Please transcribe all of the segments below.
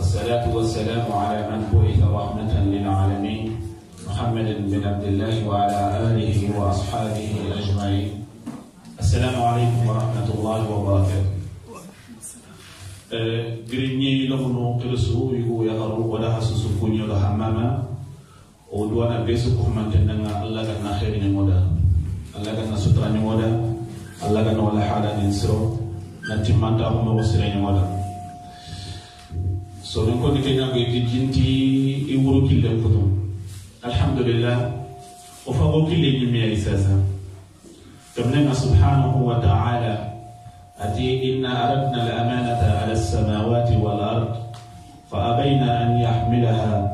والصلاة والسلام على من بعث رحمة للعالمين محمد بن عبد الله وعلى آله وأصحابه أجمعين السلام عليكم ورحمة الله وبركاته جريني أه، لغنو قرسو يقو يهرو ولا حسوس كوني ولا حماما ودوانا بيسو كهمان تننا الله كنا خير نمودا الله كنا سترا نمودا الله كنا ولا حالا ننسو نتمنى هم وسرين ولا ko ni soɗum koɗi keñagoye dijjinti i wuro killen kutum alhamdulillah o fago kille ñimmiya isasa kam nema subhanahu wa taala ati inna aradna al amanata ala alsamawati wal ard fa abayna an yahmilaha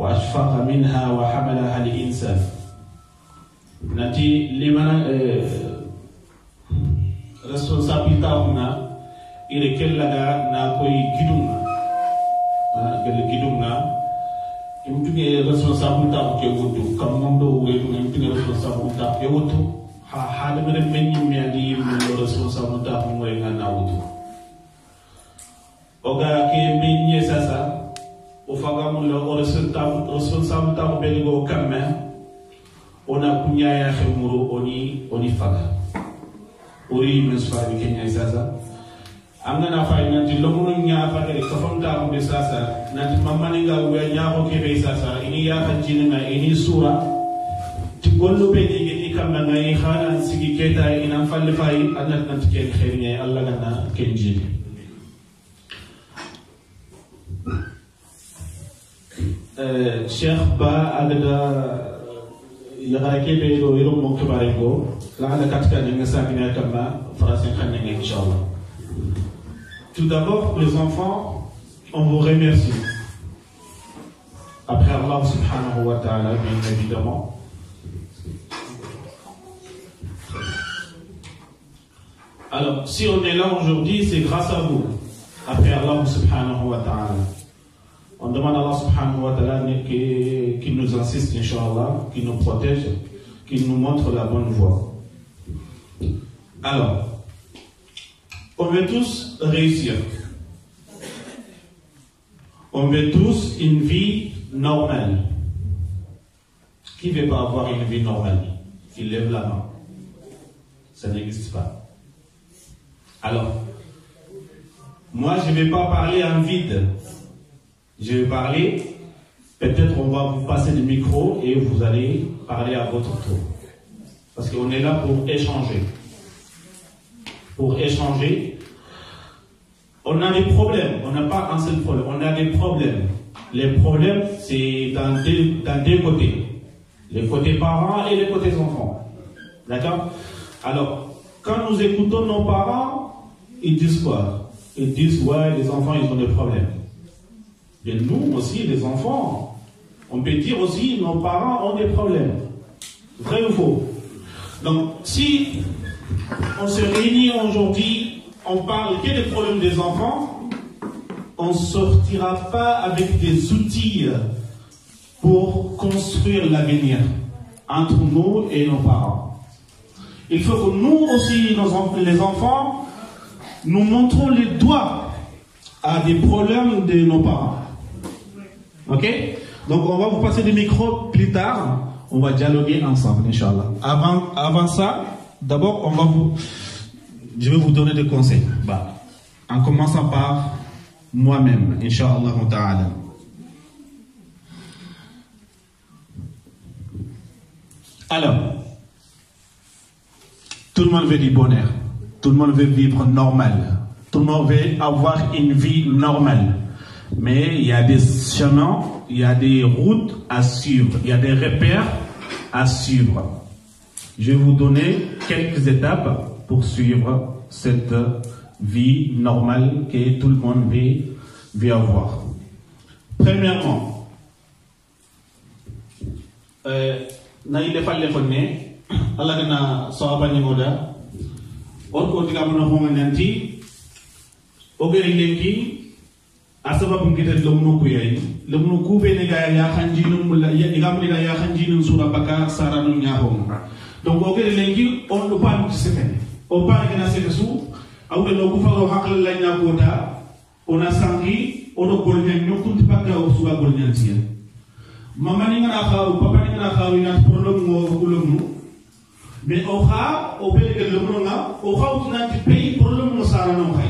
wa ashfaqa minha wa hamalaha al insan nati limana responsabilité hunga ire la na koye gidunga gelle gidunga imtinge responsable ta ke wutu kamundo wetu imtinge responsable ta ke wutu ha hada mere menni mi ani mi responsable ta mo renga na wutu oga ke menni sasa o faga mo lo responsable responsable ta mo beligo kamme ona kunya ya khimuru oni oni faga uri min sfa bi kenya sasa amna na fay nanti lomuru nya fakari ko fonta mo be sasa nanti mamani ga wuya nya ko ke be sasa ini ya hajjina na ini sura ti gollo be ni ni kam na ngai khana sigi keta ina falli fay anna nanti ke khair nya Allah ganna kenji شيخ با أبدا يغاكي بيدو يرم مكتب عليكو لعل كتكا نغسا بنا كما فراسين خلنا إن شاء الله Tout d'abord, les enfants, on vous remercie. Après Allah subhanahu wa ta'ala, bien évidemment. Alors, si on est là aujourd'hui, c'est grâce à vous. Après Allah subhanahu wa ta'ala. On demande à Allah subhanahu wa ta'ala qu'il nous assiste, inshallah, qu'il nous protège, qu'il nous montre la bonne voie. Alors, on veut tous réussir. On veut tous une vie normale. Qui ne veut pas avoir une vie normale Qui lève la main. Ça n'existe pas. Alors, moi, je ne vais pas parler en vide. Je vais parler. Peut-être on va vous passer le micro et vous allez parler à votre tour. Parce qu'on est là pour échanger pour échanger. On a des problèmes, on n'a pas un seul problème, on a des problèmes. Les problèmes, c'est dans deux, dans côtés. Les côtés parents et les côtés enfants. D'accord Alors, quand nous écoutons nos parents, ils disent quoi Ils disent, ouais, les enfants, ils ont des problèmes. Mais nous aussi, les enfants, on peut dire aussi, nos parents ont des problèmes. Vrai ou faux Donc, si on se réunit aujourd'hui, on parle que des problèmes des enfants. On ne sortira pas avec des outils pour construire l'avenir entre nous et nos parents. Il faut que nous aussi, les enfants, nous montrons les doigts à des problèmes de nos parents. Ok Donc on va vous passer des micros plus tard. On va dialoguer ensemble, Inch'Allah. Avant, avant ça, D'abord, on va vous, je vais vous donner des conseils. Bah, en commençant par moi-même, Inch'Allah ta'ala. Alors, tout le monde veut du bonheur. Tout le monde veut vivre normal. Tout le monde veut avoir une vie normale. Mais il y a des chemins, il y a des routes à suivre, il y a des repères à suivre. Je vais vous donner quelques étapes pour suivre cette vie normale que tout le monde veut, veut avoir. Premièrement, n'ayez pas le fonne alla kana sawaba ñogoda on ko diga mono OK, o geri lenki asababum kita lomno ku yayi lomno ku be ne gaay ya khanjinum mulla ya igam dina ya khanjinum sura baka saranu nyaho donc o gele ngi on do pa ci sekene o pa ne na sekene su aw de no ku fa hakal la nya ko ta ona sangi o do gol nya ti baka o suba gol nya tiya mama ni ngana xaaru papa ni nga xaru ina problème mo ko mu mais o xaa o be gele lomno na o xa ci na ti pay problème mo saranu xay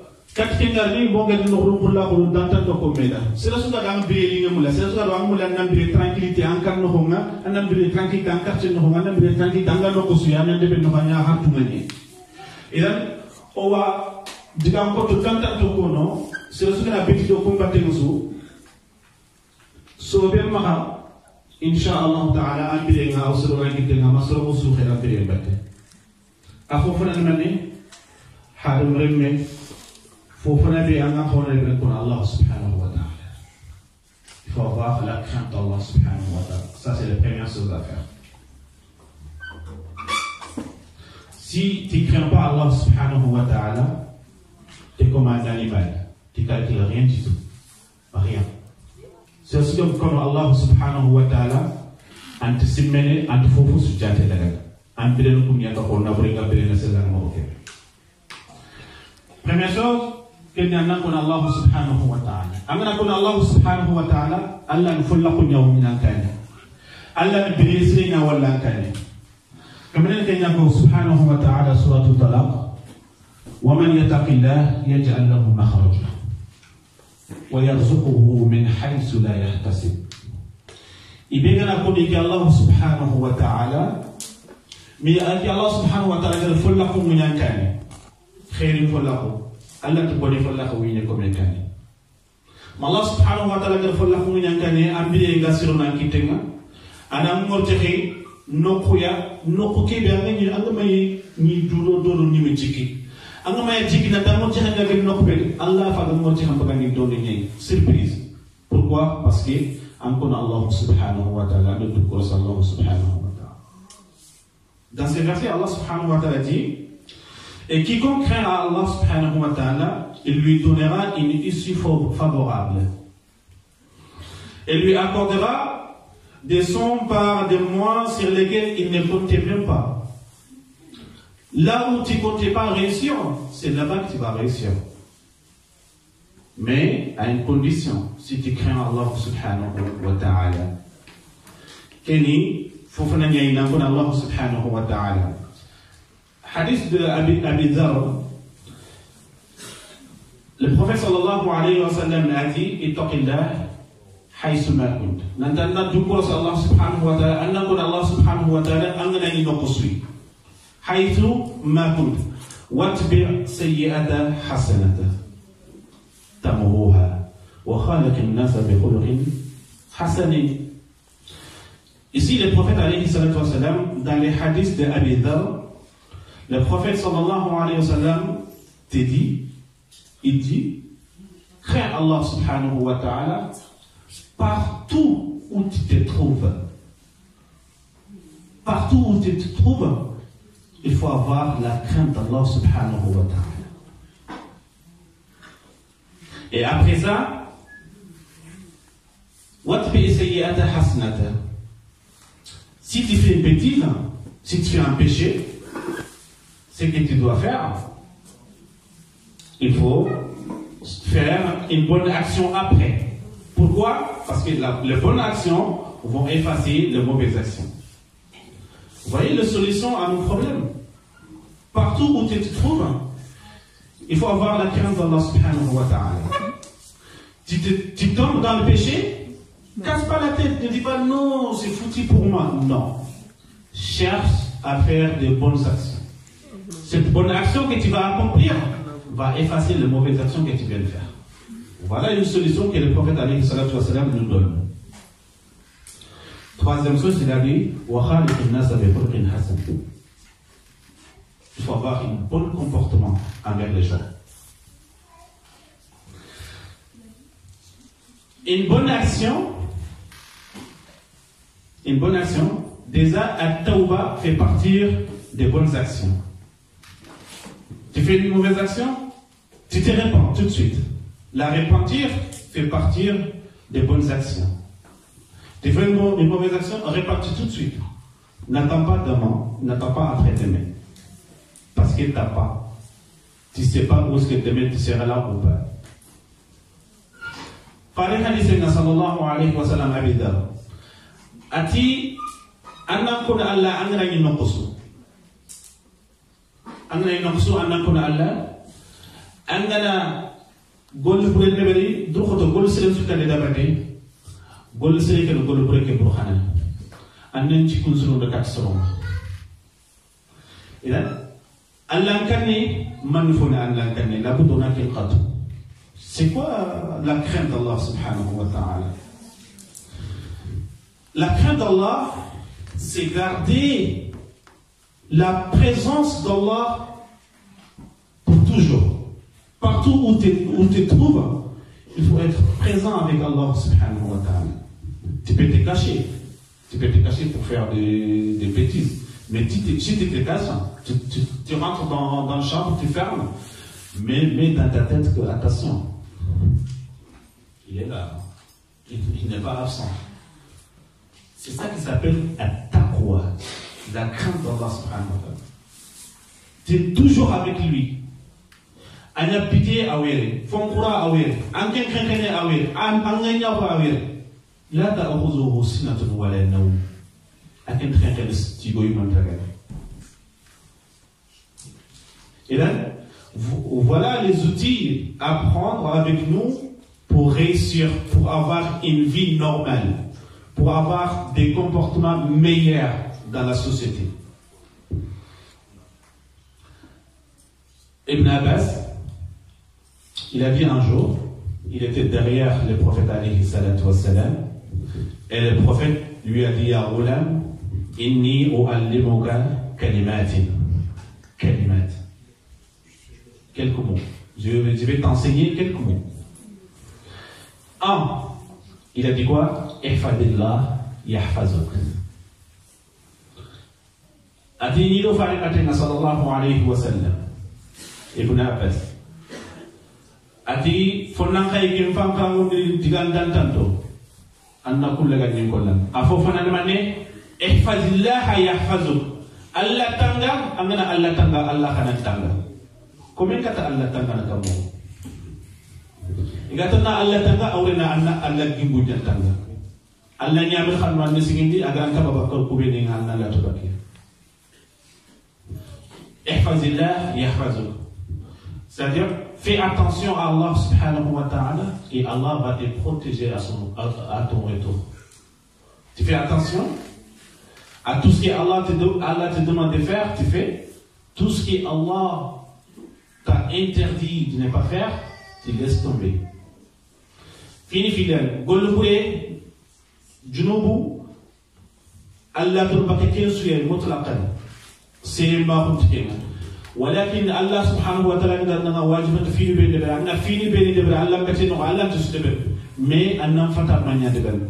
kati kengar ni bo gadi no ru kula ko danta to meda sira suka dang biri ni mula sira suka dang mula nan biri tranquillité angkar kan no honga an nan biri tranquillité an kan no honga nan biri tranquillité an kan suya nan de ben no hanya idan owa wa diga ko to danta to ko no sira suka na biti to ko batte so be ma ha Allah ta'ala an biri nga usru nga kitte nga masro musu khira biri batte afo fana harum remme فوقنا في أن أخونا يكون الله سبحانه وتعالى فوضع فلا كانت الله سبحانه وتعالى سأسي لبقيم يسو ذاك سي تكرم با الله سبحانه وتعالى تكون مع الدانيبال تكالك لغين جيتو مغيان سيسكم كون الله سبحانه وتعالى أن تسمني أن تفوفو سجاتة لغاية أن بدنكم يتقون نبرينا بدنا سلام مغفر Première chose, كن نكون الله سبحانه وتعالى أما نكون الله سبحانه وتعالى ألا نفلق يومنا كان ألا نبريسنا ولا كان كما كن سبحانه وتعالى سورة الطلاق ومن يتق الله يجعل له مخرجا ويرزقه من حيث لا يحتسب إبينا نكون الله سبحانه وتعالى من الله سبحانه وتعالى فلق من كان خير فلقوا alla ti boni folla ko wiine ko men kani ma allah subhanahu wa ta'ala gar folla ko wiine kani ambiye gasiro nan kitenga ana ngorte xey nokuya nokku ke be anga ni anga may ni duro doro ni me jiki anga may jiki na tamo ci hanga ke nokku be allah fa ga ngorte xam baga ni doni ni surprise pourquoi parce que am kon allah subhanahu wa ta'ala de ko allah subhanahu wa ta'ala dans ces versets allah subhanahu wa ta'ala dit Et quiconque craint Allah subhanahu wa ta'ala, il lui donnera une issue favorable. Et lui accordera des sons par des mois sur lesquels il ne comptait même pas. Là où tu ne comptais pas réussir, c'est là-bas que tu vas réussir. Mais à une condition, si tu crains Allah subhanahu wa ta'ala. Allah subhanahu wa ta'ala. حديث أبي أبي ذر النبي صلى الله عليه وسلم أتي اتق الله حيث ما كنت نتمنى دكور الله سبحانه وتعالى أن نقول الله سبحانه وتعالى أننا نقصي حيث ما كنت واتبع سيئة حسنة تمغوها وخالق الناس بخلق حسن Ici, le prophète, alayhi salatu wa salam, dans les hadiths d'Abi Dharr, Le prophète sallallahu alayhi wa sallam dit, il dit, crains Allah subhanahu wa ta'ala partout où tu te trouves. Partout où tu te trouves, il faut avoir la crainte d'Allah subhanahu wa ta'ala. Et après ça, si tu fais une bêtise, si tu fais un péché, ce que tu dois faire, il faut faire une bonne action après. Pourquoi Parce que les bonnes actions vont effacer les mauvaises actions. Vous voyez la solution à nos problèmes. Partout où tu te trouves, il faut avoir la crainte d'Allah subhanahu wa ta'ala. Tu, tu tombes dans le péché, casse pas la tête, ne dis pas non, c'est foutu pour moi. Non. Cherche à faire des bonnes actions. Cette bonne action que tu vas accomplir va effacer les mauvaises actions que tu viens de faire. Voilà une solution que le prophète Ali nous donne. Troisième chose, il a dit Il faut avoir un bon comportement envers les gens. Une bonne action, une bonne action, déjà, à tauba fait partir des bonnes actions. Tu fais une mauvaise action, tu te répands tout de suite. La répentir fait partir des bonnes actions. Tu fais une, mauvaise action, répands tout de suite. N'attends pas demain, n'attends pas après-demain. Parce que t'as pas. Tu ne sais pas où est-ce que demain tu seras là ou pas. wa angana ina khusu anna ko alla angana gol pure ne bari dur khoto gol sere su kan da bari gol sere kan gol pure ke burhana annan ci kun suru da kat suru idan allan kanni man funa allan kanni la budu na fil qad c'est quoi la crainte d'Allah subhanahu wa ta'ala la crainte d'Allah c'est garder la présence d'Allah pour toujours. Partout où tu te trouves, il faut être présent avec Allah subhanahu wa ta'ala. Tu peux te cacher. Tu peux te cacher pour faire des, bêtises. Mais tu si tu te caches, tu, rentres dans, le champ, tu fermes. Mais mets dans ta tête que, attention, il est là. Il, il n'est pas absent. C'est ça qui s'appelle un taqwa la crainte d'Allah subhanahu wa Tu es toujours avec lui. Anya pitié a wéré, fonkura a wéré, anken kankane a wéré, anganya a wéré. La ta'khuzuhu sinatun wa la nawm. Aken kankane ti goy man tagane. Et là, voilà les outils à prendre avec nous pour réussir, pour avoir une vie normale, pour avoir des comportements meilleurs, dans la société. Ibn Abbas, il a dit un jour, il était derrière le prophète alayhi salatu wassalam, et le prophète lui a dit à Roulam, inni u'allimuka kalimatin. Kalimat. Quelques mots. Je vais t'enseigner quelques mots. Un, il a dit quoi Ihfadillah yahfazuk. أتيني ذو فارقة صلى الله عليه وسلم ابن عباس أتي فنان خي كم فان كانوا ديغان دان تانتو أن كل غني كلا أفو فنان من احفظ الله يحفظك الله تانغا أنغنا الله تانغا الله خنا تانغا كومين كتا الله تانغا نكمو إغاتنا الله تانغا أورنا أن الله جيمبو تانغا الله نيامل خنوان نسيندي أغان كبابا كوبيني غانا لا تبكي C'est-à-dire, fais attention à Allah subhanahu wa ta'ala et Allah va te protéger à, son, ton retour. Tu fais attention à tout ce que Allah te, Allah te demande de faire, tu fais. Tout ce que Allah t'a interdit de ne pas faire, tu laisses tomber. Fini fidèle. Junubu, Allah te le sehilma xum tikenga walakin allah subhanahu wa taala ngar dit que fini bene deɓere anga fini bene deɓere allah mbete noxo allah ntesu deɓere mais a nan fata de deɓere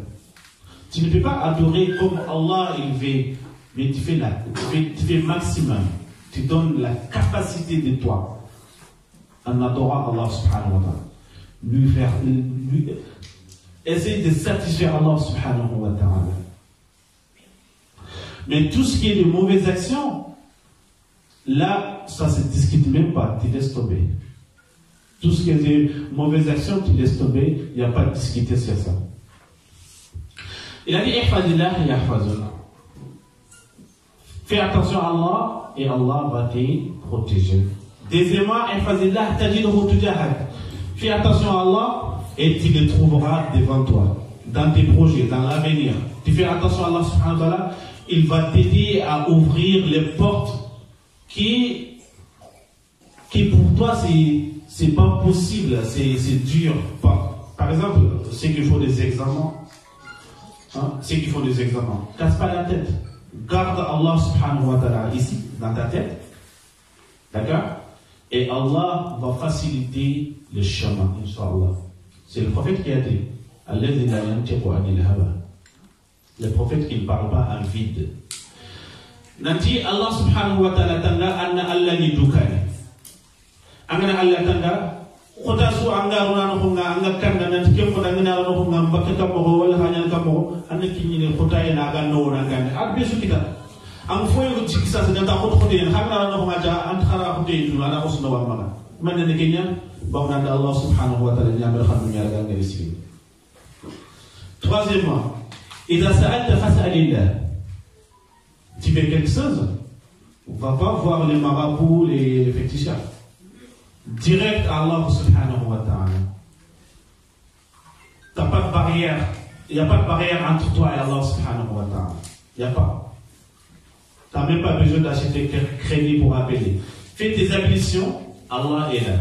tu ne peux pas adorer comme allah il veut mais tu fais, là, tu fais, maximum tu donnes la capacité de toi en adorant Allah subhanahu wa ta'ala. Lui faire, essayer de satisfaire Allah subhanahu wa ta'ala. Mais tout ce qui est de mauvaises actions, Là, ça se discute même pas, tu laisses tomber. Tout ce qui est mauvaise action, tu laisses tomber, il n'y a pas de discuter sur ça. Il a dit Fais attention à Allah et Allah va te protéger. Deuxièmement, de Fais attention à Allah et tu le trouveras devant toi, dans tes projets, dans l'avenir. Tu fais attention à Allah il va t'aider à ouvrir les portes qui, qui pour toi, c'est pas possible, c'est dur. Par, par, exemple, ceux qui font des examens, hein, ceux qui font des examens, casse pas la tête. Garde Allah subhanahu wa ta'ala ici, dans ta tête. D'accord Et Allah va faciliter le chemin, inshallah. C'est le prophète qui a dit, le prophète qui ne parle pas en vide. nanti Allah subhanahu wa ta'ala tanda anna Allah ni dukani angana Allah tanda kota su anga runa no hunga anga kanda nanti kem kota ngina runa hunga mbaka kamo ho wala hanya kamo anna kinyine kota ya na ga no na ga abbe su kita am foyo ci sa sa ta khot khote en xamna runa hunga ja ant khara khote ni wala usna wal mala man ne kenya bawna Allah subhanahu wa ta'ala nyamel xamnu ñaar ga ngi ci troisièmement إذا سألت فاسأل الله tu veux quelque chose, on va pas voir les marabouts, les féticheurs. Direct à Allah subhanahu wa ta'ala. T'as pas de barrière. Il n'y a pas de barrière entre toi et Allah subhanahu wa ta'ala. Il n'y a pas. Tu n'as même pas besoin d'acheter un crédit pour appeler. Fais tes ablutions, Allah est là.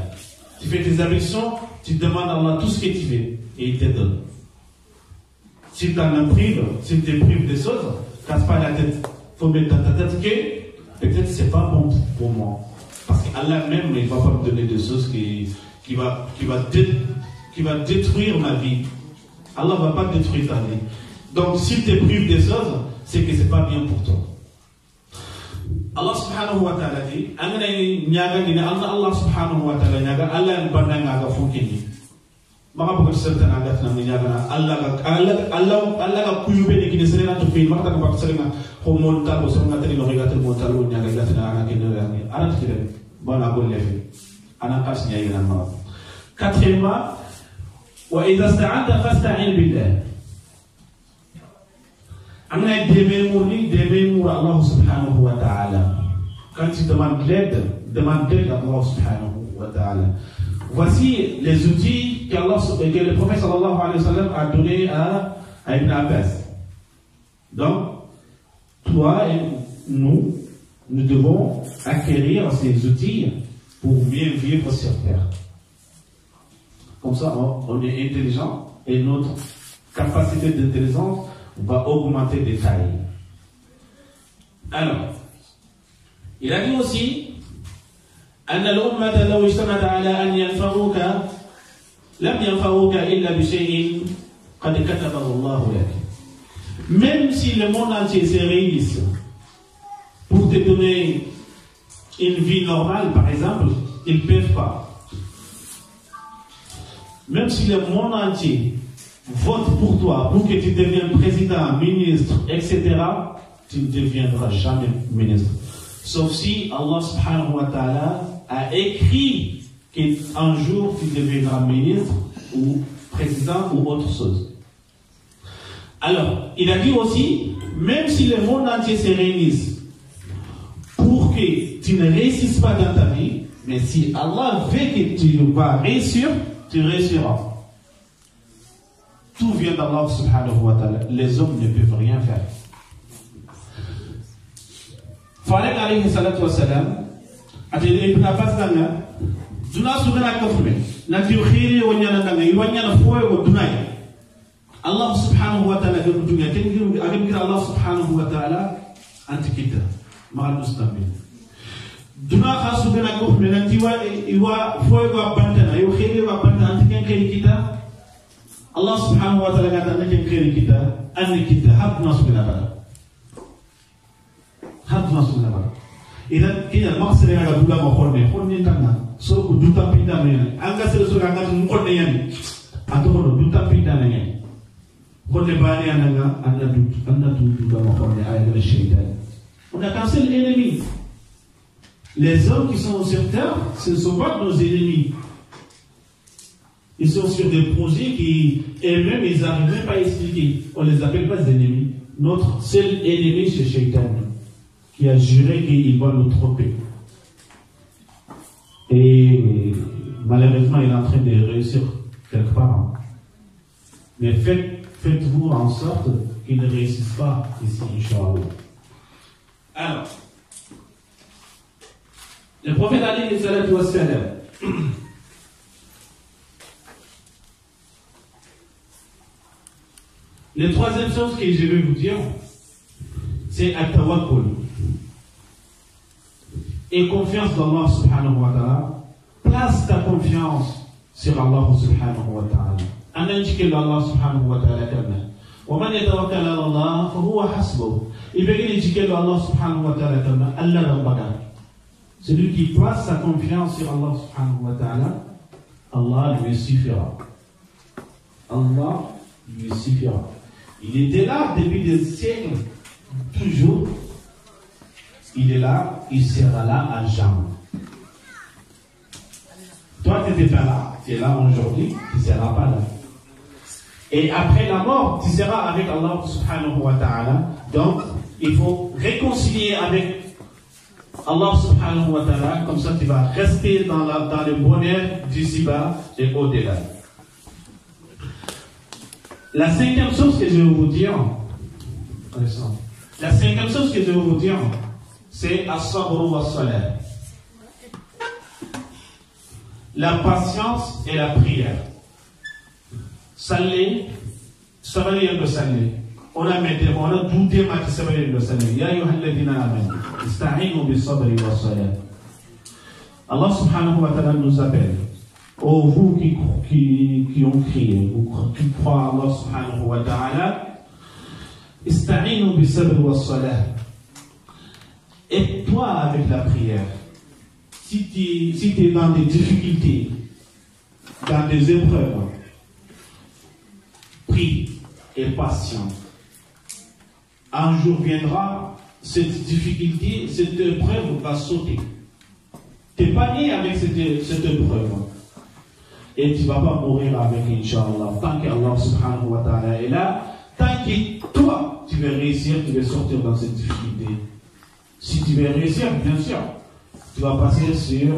Tu fais tes ablutions, tu demandes à Allah tout ce que tu veux et il te donne. Si tu en prives, si tu te prives des choses, casse pas la tête peut dans ta tête que peut-être c'est pas bon pour moi. Parce qu'Allah même il va pas me donner des choses qui, qui, va, qui, va dé, qui va détruire ma vie. Allah va pas détruire ta vie. Donc si tu es prive des choses, c'est que c'est pas bien pour toi. Allah subhanahu wa ta'ala dit angana ñaga ni Allah Allah subhanahu wa ta'ala dit, Allah en banda ñaga fukini maka bukan serta naga tan ñaga na Allah Allah Allah Allah ka kuyube ni kini serena to fi ko monta ko songa tani no higata monta lo nya ga latna ana ke no ya ni ana tire bana golle fi ana kas nya ina ma quatrièmement wa idha ista'anta fasta'in billah amna deme murni deme mur Allah subhanahu wa ta'ala quand tu demandes l'aide demande l'aide à Allah subhanahu wa ta'ala voici les outils qu'Allah que le prophète sallallahu alayhi wa sallam a donné à, à Ibn Abbas donc toi et nous, nous devons acquérir ces outils pour mieux vivre sur Terre. Comme ça, on est intelligent et notre capacité d'intelligence va augmenter des tailles. Alors, il a dit aussi أن الأمة لو اجتمعت على أن ينفعوك لم ينفعوك إلا بشيء قد كتبه الله لك. Même si le monde entier se réunit pour te donner une vie normale, par exemple, ils ne peuvent pas. Même si le monde entier vote pour toi, pour que tu deviennes président, ministre, etc., tu ne deviendras jamais ministre. Sauf si Allah subhanahu wa ta'ala a écrit qu'un jour tu deviendras ministre ou président ou autre chose. Alors, il a dit aussi, même si le monde entier se réunisse pour que tu ne réussisses pas dans ta vie, mais si Allah veut que tu vas réussir, tu réussiras. Tout vient d'Allah subhanahu wa ta'ala. Les hommes ne peuvent rien faire. wa salam, الله سبحانه وتعالى في الدنيا كن غير غير الله سبحانه وتعالى انت كده مع المستقبل دنا خاصو بنا كوف من انت وا يوا فوي وا بانتنا يو خير وا بانت انت كن خير كده الله سبحانه وتعالى قال انت كن خير كده ان كده حد ناس بنا بقى حد ناس بنا بقى اذا كي المقصد انا بقول ما خورني خورني انت انا سو دوتا بيتا مين انغا سيرسو انغا مقدني يعني انت خورني دوتا بيتا مين يعني on a qu'un seul ennemi les hommes qui sont sur terre ce ne sont pas nos ennemis ils sont sur des projets qui eux-mêmes ils n'arrivent même pas à expliquer on ne les appelle pas ennemis notre seul ennemi c'est Shaitan qui a juré qu'il va nous tromper et malheureusement il est en train de réussir quelque part mais faites faites-vous en sorte qu'il ne réussisse pas ici, Inch'Allah. Alors, le prophète Ali salatu wassalam, la troisième chose que je vais vous dire, c'est At-Tawakkul. Et confiance Allah subhanahu wa ta'ala. Place ta confiance sur Allah subhanahu wa ta'ala. Allah subhanahu wa ta'ala celui qui place sa confiance sur Allah Allah lui suffira Allah lui suffira il était là depuis des siècles toujours il est là, il sera là à jamais. Toi, tu n'étais pas là, tu es là aujourd'hui, tu ne seras pas là. Et après la mort, tu seras avec Allah subhanahu wa ta'ala. Donc, il faut réconcilier avec Allah subhanahu wa ta'ala. Comme ça, tu vas rester dans, le bonheur du ziba et au-delà. La cinquième chose que je vais vous dire, la cinquième chose que je vais vous dire, c'est as wa salat. La patience et la prière. سالي سالي سالي أنا مدة أنا دوتة ما تسبري إلا سنة يا أيها الذين آمنوا استعينوا بالصبر والصلاة الله سبحانه وتعالى nous appelle كي كي كي qui qui ont crié ou qui croyez Allah سبحانه وتعالى استعينوا بالصبر والصلاة et toi avec la prière si tu si tu es dans des difficultés dans des épreuves patient. Un jour viendra, cette difficulté, cette épreuve va sauter. Tu n'es pas né avec cette, cette épreuve. Et tu ne vas pas mourir avec, Inch'Allah. Tant qu'Allah subhanahu wa ta'ala est là, tant que toi, tu veux réussir, tu veux sortir dans cette difficulté. Si tu veux réussir, bien sûr, tu vas passer sur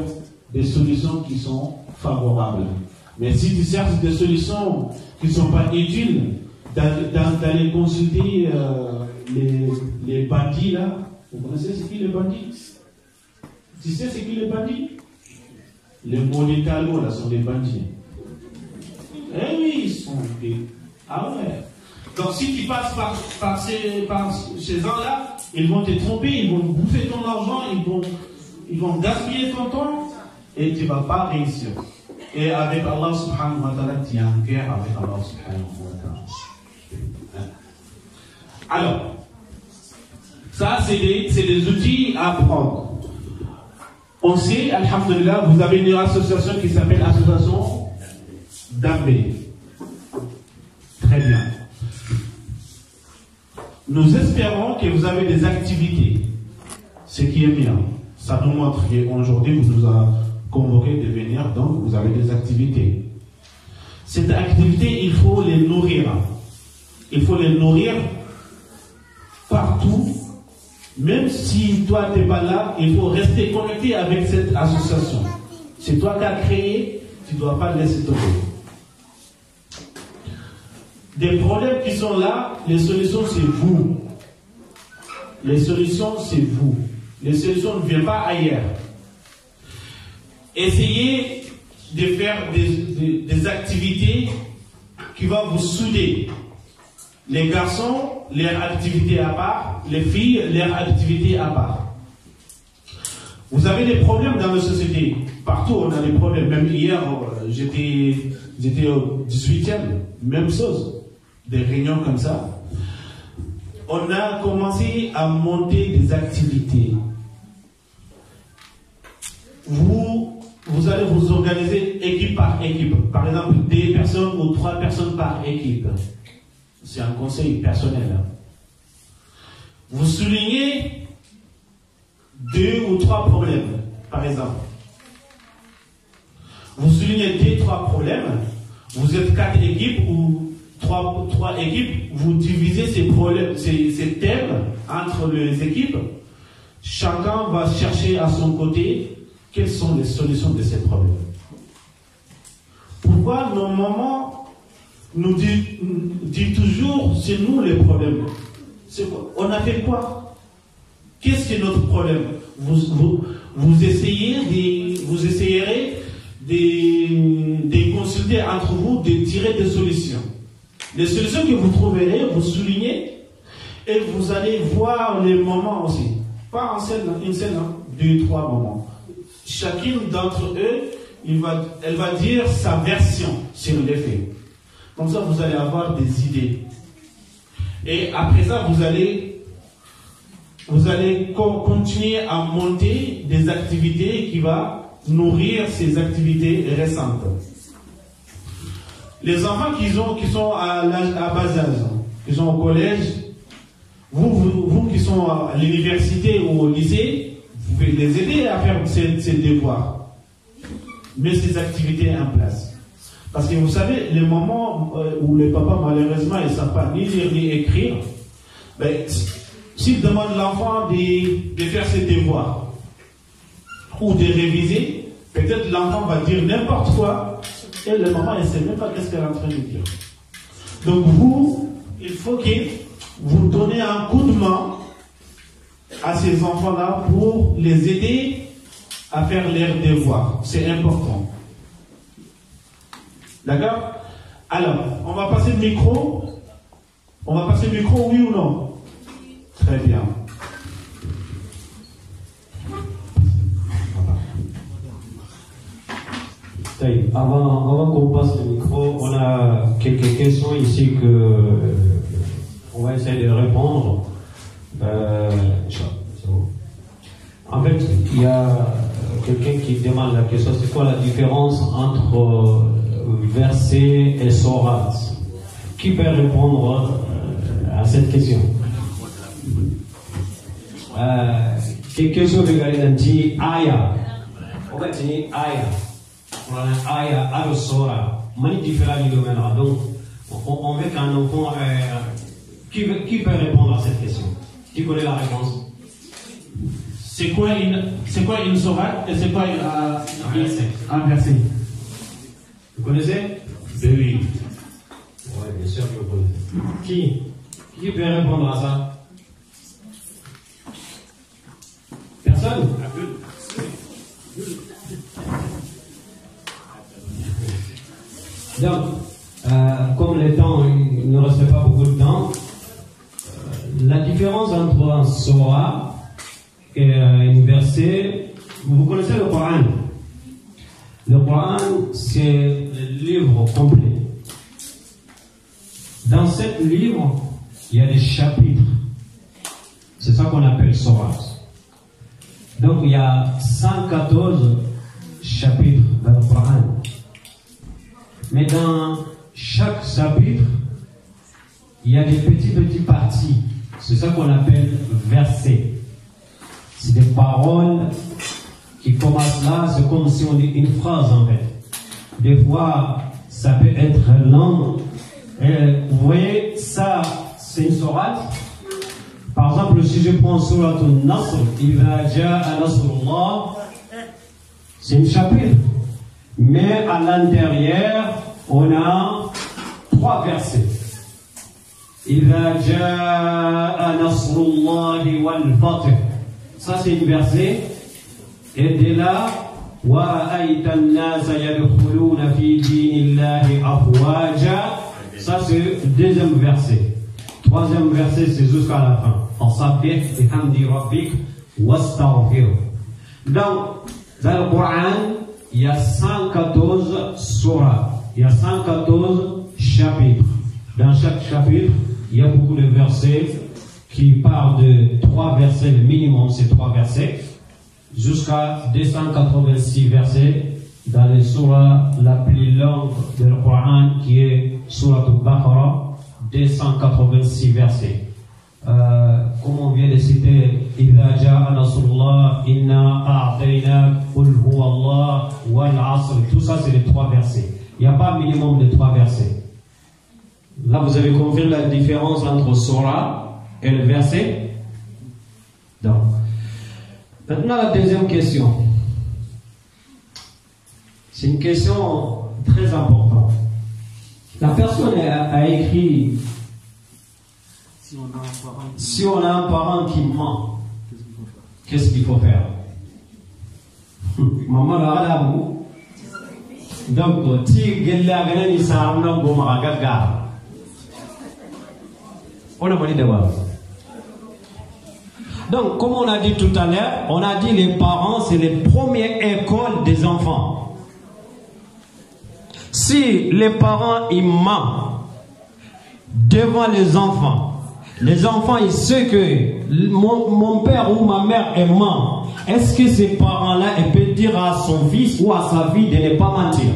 des solutions qui sont favorables. Mais si tu cherches des solutions qui ne sont pas utiles, d'aller consulter euh, les, les bandits là. Vous connaissez ce qui les bandits Tu sais ce qui les bandits Les mondicalos là sont des bandits. Eh oui, ils sont des. Ah ouais. Donc si tu passes par, par ces, par gens-là, ils vont te tromper, ils vont bouffer ton argent, ils vont, ils vont gaspiller ton temps et tu ne vas pas réussir. Et avec Allah subhanahu wa ta'ala, tu as un cœur avec Allah subhanahu wa ta'ala. Alors, ça, c'est des, des, outils à prendre. On sait, Alhamdulillah, vous avez une association qui s'appelle Association d'Amé. Très bien. Nous espérons que vous avez des activités, ce qui est bien. Ça nous montre qu'aujourd'hui, vous nous a convoqué de venir, donc vous avez des activités. Cette activité, il faut les nourrir. Il faut les nourrir partout. Même si toi, tu n'es pas là, il faut rester connecté avec cette association. C'est toi qui as créé, tu ne dois pas laisser tomber. Des problèmes qui sont là, les solutions, c'est vous. Les solutions, c'est vous. Les solutions ne viennent pas ailleurs. Essayez de faire des, des activités qui vont vous souder, les garçons, leur activité à part. Les filles, leur activité à part. Vous avez des problèmes dans nos sociétés. Partout, on a des problèmes. Même hier, euh, j'étais, j'étais au 18e, même chose. Des réunions comme ça. On a commencé à monter des activités. Vous, vous allez vous organiser équipe par équipe. Par exemple, deux personnes ou trois personnes par équipe c'est un conseil personnel. Hein. Vous soulignez deux ou trois problèmes, par exemple. Vous soulignez deux, trois problèmes. Vous êtes quatre équipes ou trois, trois équipes. Vous divisez ces, problèmes, ces, thèmes entre les équipes. Chacun va chercher à son côté quelles sont les solutions de ces problèmes. Pourquoi normalement nous dit, toujours, c'est nous les problèmes. On a fait quoi Qu'est-ce que notre problème vous, vous, essayez de, vous essayerez de, de, consulter entre vous, de tirer des solutions. Les solutions que vous trouverez, vous soulignez et vous allez voir les moments aussi. Pas en scène, une scène, hein, deux, trois moments. Chacune d'entre eux, il va, elle va dire sa version sur les faits. Comme ça, vous allez avoir des idées. Et après ça, vous allez, vous allez continuer à monter des activités qui vont nourrir ces activités récentes. Les enfants qui, qui sont à, à bas âge, qui sont au collège, vous, vous, qui sont à l'université ou au lycée, vous pouvez les aider à faire ces, ces devoirs. Mais ces activités en place. Parce que vous savez, les moments euh, où les papas, malheureusement, ils ne savent pas ni lire ni écrire, ben, s'ils demandent l'enfant de, faire ses devoirs ou de réviser, peut-être l'enfant va dire n'importe quoi et le maman ne sait même pas qu'est-ce qu'elle est en train de dire. Donc vous, il faut que vous donnez un coup de main à ces enfants-là pour les aider à faire leurs devoirs. C'est important. D'accord Alors, on va passer le micro. On va passer le micro, oui ou non Très bien. Avant, qu'on passe le micro, on a quelques questions ici que euh, on va essayer de répondre. Euh, en fait, il y a euh, quelqu'un qui demande la question c'est quoi la différence entre verset et sorat. Qui peut répondre euh, à cette question euh, Quelque chose de dans dit Aya. On va dire Aya. On Aya, Arosora. Mani différent du domaine. Donc, on veut qu'un enfant. Euh, qui, peut répondre à cette question Qui connaît la réponse C'est quoi une, c'est une sourate et c'est quoi une, euh, un verset vous connaissez ben Oui. Oui, bien sûr que vous connaissez. Qui Qui peut répondre à ça Personne Donc, euh, comme les temps, ne reste pas beaucoup de temps, euh, la différence entre un surah et euh, une versée... vous connaissez le Coran le Coran, c'est le livre complet. Dans ce livre, il y a des chapitres. C'est ça qu'on appelle Sorat. Donc il y a 114 chapitres dans le Coran. Mais dans chaque chapitre, il y a des petits, petits parties. C'est ça qu'on appelle versets. C'est des paroles qui commence là, c'est comme si on dit une phrase en fait. Des fois, ça peut être long. Et, vous voyez, ça, c'est une sourate. Par exemple, si je prends sourate nasr il va à Nasrullah, c'est une chapitre. Mais à l'intérieur, on a trois versets. ça c'est une verset et wa là Ça, c'est le deuxième verset. Troisième verset, c'est jusqu'à la fin. on s'applique wa astaghfir. Donc, dans le Coran, il y a 114 surahs. Il y a 114 chapitres. Dans chaque chapitre, il y a beaucoup de versets qui parlent de trois versets, le minimum, c'est trois versets jusqu'à 286 versets dans les surah la plus longue du Coran qui est surah al-Baqarah, 286 versets. Euh, comme on vient de citer, tout ça c'est les trois versets. Il n'y a pas un minimum de trois versets. Là vous avez compris la différence entre surah et le verset. Donc Maintenant, la deuxième question. C'est une question très importante. La personne a, a écrit si on, a un parent qui... si on a un parent qui ment, qu'est-ce qu'il faut faire Maman la la vous. Donc, si gella gana ni sarna go magaga. On a mani d'abord. Donc, comme on a dit tout à l'heure, on a dit les parents, c'est les premières écoles des enfants. Si les parents, ils mentent devant les enfants, les enfants, ils savent que mon, père ou ma mère est mort. Est-ce que ces parents-là, ils peuvent dire à son fils ou à sa fille de ne pas mentir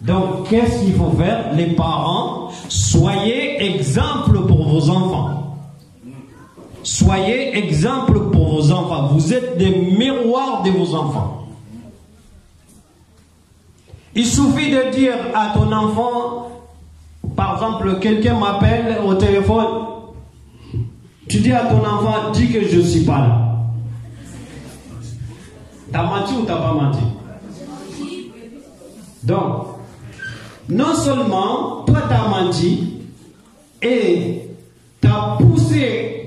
Donc, qu'est-ce qu'il faut faire Les parents, soyez exemple pour vos enfants. Soyez exemple pour vos enfants. Vous êtes des miroirs de vos enfants. Il suffit de dire à ton enfant, par exemple, quelqu'un m'appelle au téléphone. Tu dis à ton enfant, dis que je ne suis pas là. T'as menti ou t'as pas menti Donc, non seulement toi t'as menti, et tu as poussé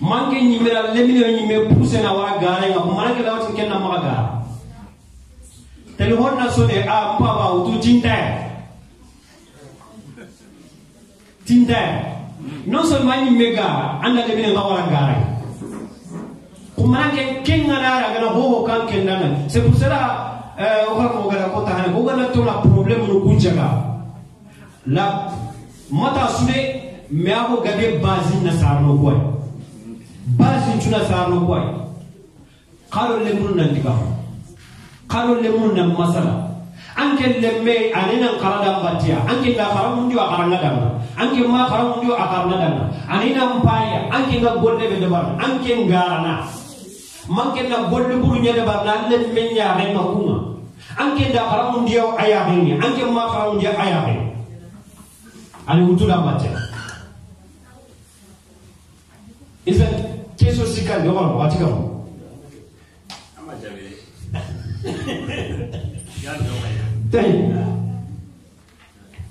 manke ñimira lemino ñime pusena wara gare nga manake lawtin kenna maga gara telefon na sode a mpaba utu tintaye tintaye non seulement ñimme gara anda lemine nga wara gare kumanake kenganara gana hoho kan kendana c'est pour cela eh, oka ko gara ko tahane ko gana tona problème no kunjaga la mata sune me ako gabe bazin na sarno koy basi chuna sarno boy kalo le mun nan diga qalo le mun nan masala anke le me anina qarada batia anke la qaram ndio akaranga dana anke ma qaram ndio akaranga dana anina mpaya anke ga bolle be dabar anke ngarana manke na bolle buru nyade bar na le menya re makuma anke da qaram ndio ayahini anke ma qaram ndio ayahini ani utula batia sur ce carburant, pratiquement.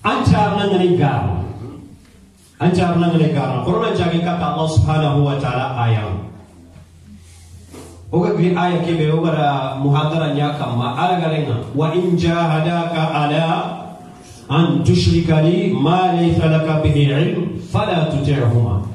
Ancar nang negar, ancar nang negar. Kurang kata Allah Subhanahu Wa Taala ayam. Oga bi ayat kibe oga da muhadara nyaka ma alga lenga wa in jahadaka ala an tushrikani ma laysa laka bihi ilm fala tuti'huma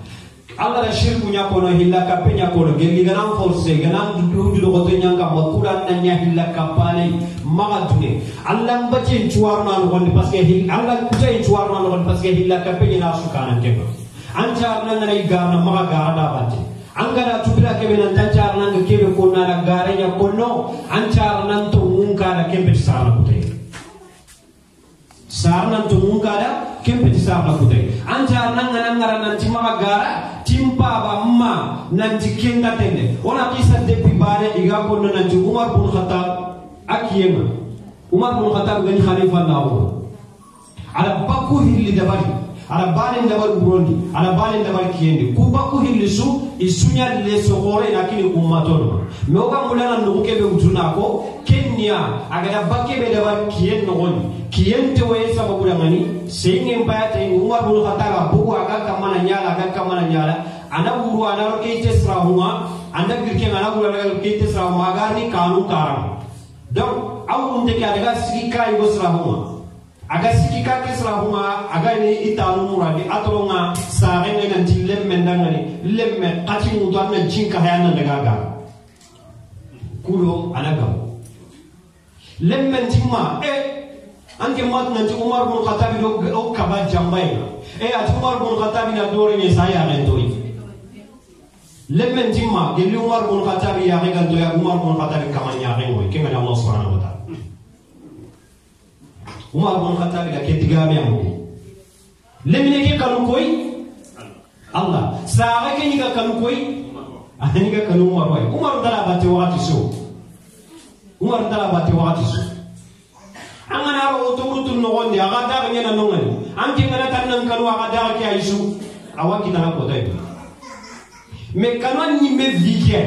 Allah da shirku nya kono hilla kape nya kono gelli ganan forse ganan dundu do goto nya kam makura na nya hilla kappane maga dune alla mbace chuar na no gonde kan parce que alla kuce chuar na no gonde kan parce que hilla kappe nya su kana tebo anta na na ga na maga ga da bate angara tubira kebe nan tancar nan kebe ko na na nya kono ancar nan to munka na kebe sala kutai sar nanti to munka da kebe sala kutai ancar nan nan ngara gara jimpa ba ma nan jikenga tende ona kisa depuis bare iga ko na ju umar bin khattab akiyema umar bin khattab gani khalifa nawo ala bakku hilli dabari ala banen dabar urondi ala banen dabar kiyendi kuba ku hillisu isunya le sokore lakini ummatono meoga mulana nuguke be utunako kenya agada bakke be dabar kiyen nogoni kiyen te waye sababu da ngani senge mbaya te umar bulu khataga bugu aga kamana nyala aga kamana nyala ana wuru ana ro kete srahuma anda girke ana wuru ana kete srahuma agani kanu karam donc awu unte ke adaga sigi kai go srahuma aga sikika ke srahunga aga ni itanu muradi atronga sare ne nan lemme lem lemme kati mu to na jinka hayana daga ga kulo alaga lemme timma e eh, anke mat nan ti umar bin khattab do o oh, kaba jambai e eh, at umar bin khattab na dore ni saya ne to lemme timma gelu umar bin khattab ya ga do ya umar bin khattab kamanya ga ngoy kenga Allah subhanahu Ah, umar bin khattab ga ke tiga me amudi lemine ke kanu koy allah saga ke niga kanu koy ahani ga kanu umar koy umar dala bate waqti so umar dala bate waqti so an kana ro otokurutun nogondi aga daga ñana nongani an ke ngana tan nan kanu aga daga ke ayisu awa kitana kotoy mais kanu an ñimme vi ke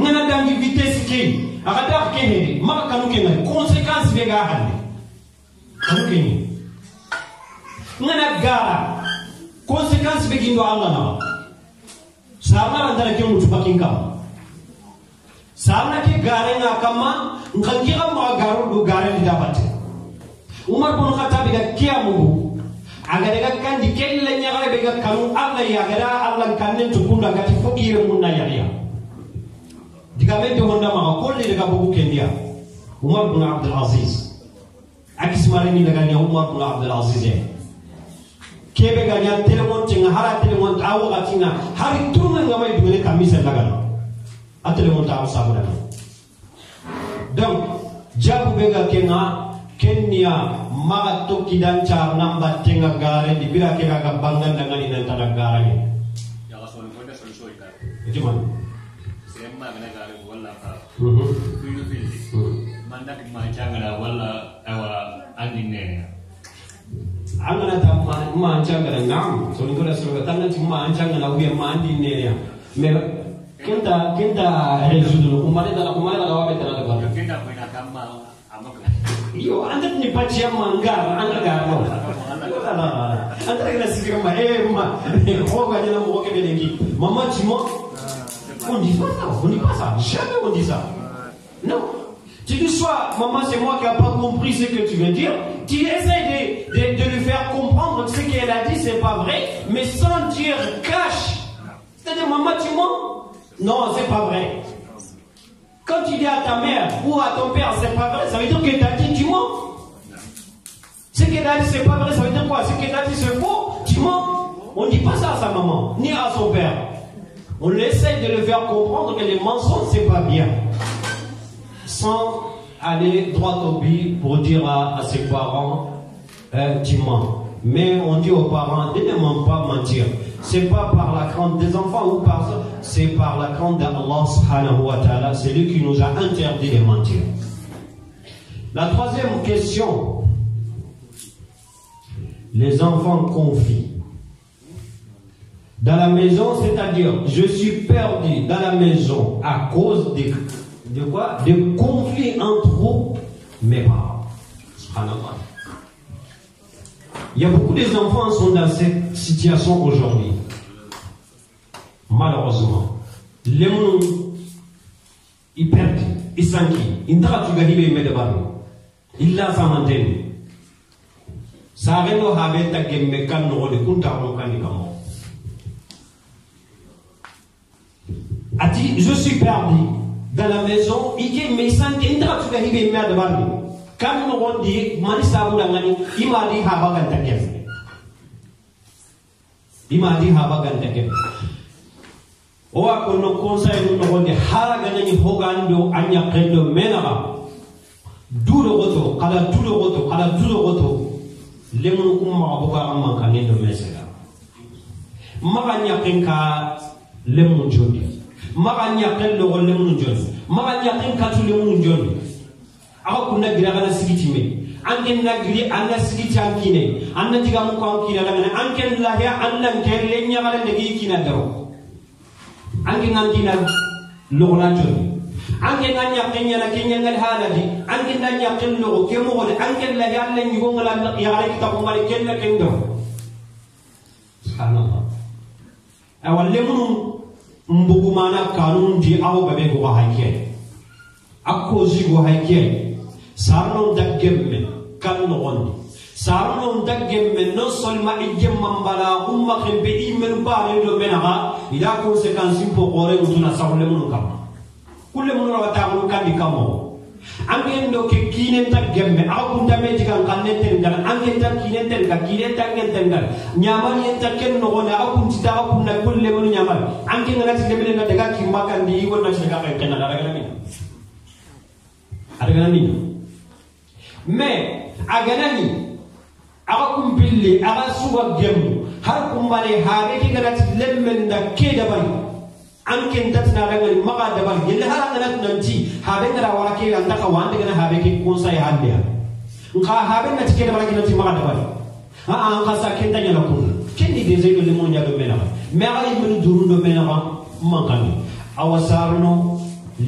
ngana dangi vitesse kei akati kene maka kanukengenge konsekansi kanuke ni ngana gara konsekansi begindo Sama samara ndala ke mutu bakinga samara ke gare na kama ga ma garu do gare didabate umar bin khattab ga kiyamu agada ga di kelle nyagare be ga kanu alla ya gara alla ne tukunda gati fo ire munna yariya diga men be wonda ma kolle daga bugu kendiya umar bin abdul aziz akis marini daga ni umar bin abdul aziz ya kebe ga telemon tinga hara telemon ta katina hari tunga ga mai dole kamisa daga a ah, telemon ta sabu daga donc jabu bega kenga kenya maga tokki dan car namba tenga gare di bira kega ga bangan dengan ini tanda gare ya ga solusi solusi itu mana sema kan, kan? Kuyuh s i Mandak macam ada wala tawa a n j i n g y a Angana ta ma m anchanga r a ngam so n k o r a so ta na ma anchanga r a uya ma n d i ne ya me kenta kenta rezudu umare t a l a umare da wa b e t a l a da l a kenta k e na kama amaka yo anda ni pachi amma ngar anda ga ko anda ga na sikira ma e ma ko ga ni na mo ke be ne ki mama chimo On dit pas ça, on ne dit pas ça. Jamais on dit ça. Non. Tu dis soit, maman, c'est moi qui n'ai pas compris ce que tu veux dire, tu essaies de, de, lui faire comprendre que ce qu'elle a dit, ce n'est pas vrai, mais sans dire cache. C'est-à-dire, maman, tu mens Non, ce n'est pas vrai. Quand tu dis à ta mère ou à ton père, c'est pas vrai, ça veut dire que tu as dit, tu mens. Ce qu'elle a dit, c'est pas vrai, ça veut dire quoi Ce qu'elle a dit, c'est faux, tu mens. On ne dit pas ça à sa maman, ni à son père. On essaie de le faire comprendre que les mensonges, c'est pas bien. Sans aller droit au but pour dire à, ses parents, un tu mens. Mais on dit aux parents, ne demande pas mentir. C'est pas par la crainte des enfants ou par ça, c'est par la crainte d'Allah subhanahu wa ta'ala. C'est lui qui nous a interdit de mentir. La troisième question, les enfants confient. Dans la maison, c'est-à-dire, je suis perdu dans la maison à cause de, quoi De conflits entre mes parents. Il y a beaucoup d'enfants qui sont dans cette situation aujourd'hui. Malheureusement. Les gens, ils perdent, ils s'enquillent. Ils ne savent pas de barbe. Ils la savent Ça a rien à voir avec quand nous, a dit Je suis perdu dans la maison, il y a une maison qui est en train de se faire Quand nous avons dit Mani Sabu Dangani, il m'a dit Haba Gantakef. Il m'a dit Haba Gantakef. Owa oh, kono conseil nous avons dit Hara Ganani Hogando Anya Kendo Menara. D'où le retour, à la tout le retour, à la tout le retour. Les mots qu'on m'a beaucoup à manquer de mes élèves. M'a Kenka, les mots jolis. maga ɲaken logolle munu joni maga ɲaken katule munu joni aga kunna gira kana sigitime an ken nagiri an na sigiti an kine an na jigamu ko an kina lagana an ken lahiya an nan ke le ɲagala negi kina daro an ken an kina logona joni anke na ñaqe ñana ke ñangal haaladi anke na ñaqen logo ke moxode anke la yalla ñigongala yaare kitabongale ken na ken doro subhanallah awa lemunum mbugumana kanun ji aw babe go bahayke akko ji go hayke sarno daggemme kan no on sarno daggemme non solma ijem mambala umma khimbe imen bare do menaha ila conséquence po gore mutuna sawle mun kam kulle mun rawata mun kan dikamo angen do ke kinen ta gembe aw kun ta meji kan kan ne tel dal angen ta kinen tel ka kinen ta angen tel dal nyamar yen ta ken no wona aw kun ta aw kun na kulle wona nyamar angen ngana ti debele na daga ki makan di wona shi ka kan ken na daga min daga min me agana ni aw kun billi aw suwa gembu har kun bale habe ki ngana ti lemmen da ke da bari anken datna rangani maga daban yelle hala ngana tunanti habe ngara warake anda ka wande ngana habe ke konsa ya hande ya nka habe na tike daban ngana ti maga daban ha an ka sa kenta nyala kun kenni de zeydo limo nya do mena me ala ibn durun do mena ba mankani awasarno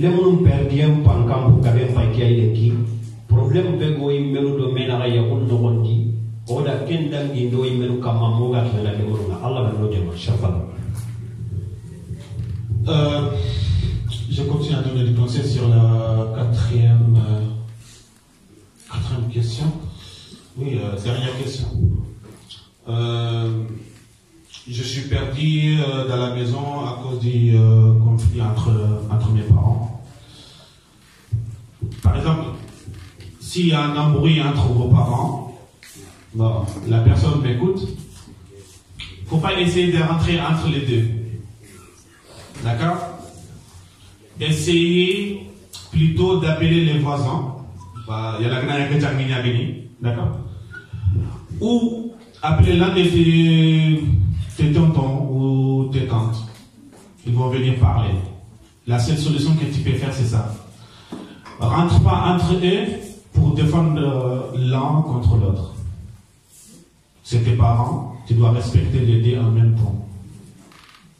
lemunum perdiem pankam kabe fakiya ile ki problem be go imelu do mena ga yakun no gondi oda kendangi ndo imelu kamma moga kala lemuruna allah ban no jema shafala Euh, je continue à donner des conseils sur la quatrième, euh, question. Oui, euh, dernière question. je suis perdu dans la maison à cause du conflit entre, entre mes parents. Par exemple, s'il y a un embrouille entre vos parents, la personne m'écoute. Il ne faut pas essayer de rentrer entre les deux D'accord Essayez plutôt d'appeler les voisins. Bah, il y a la grande D'accord Ou appeler l'un de tes tontons ou tes tantes. Ils vont venir parler. La seule solution que tu peux faire, c'est ça. Rentre pas entre eux pour défendre euh, l'un contre l'autre. C'est tes parents, tu dois respecter les deux en même temps.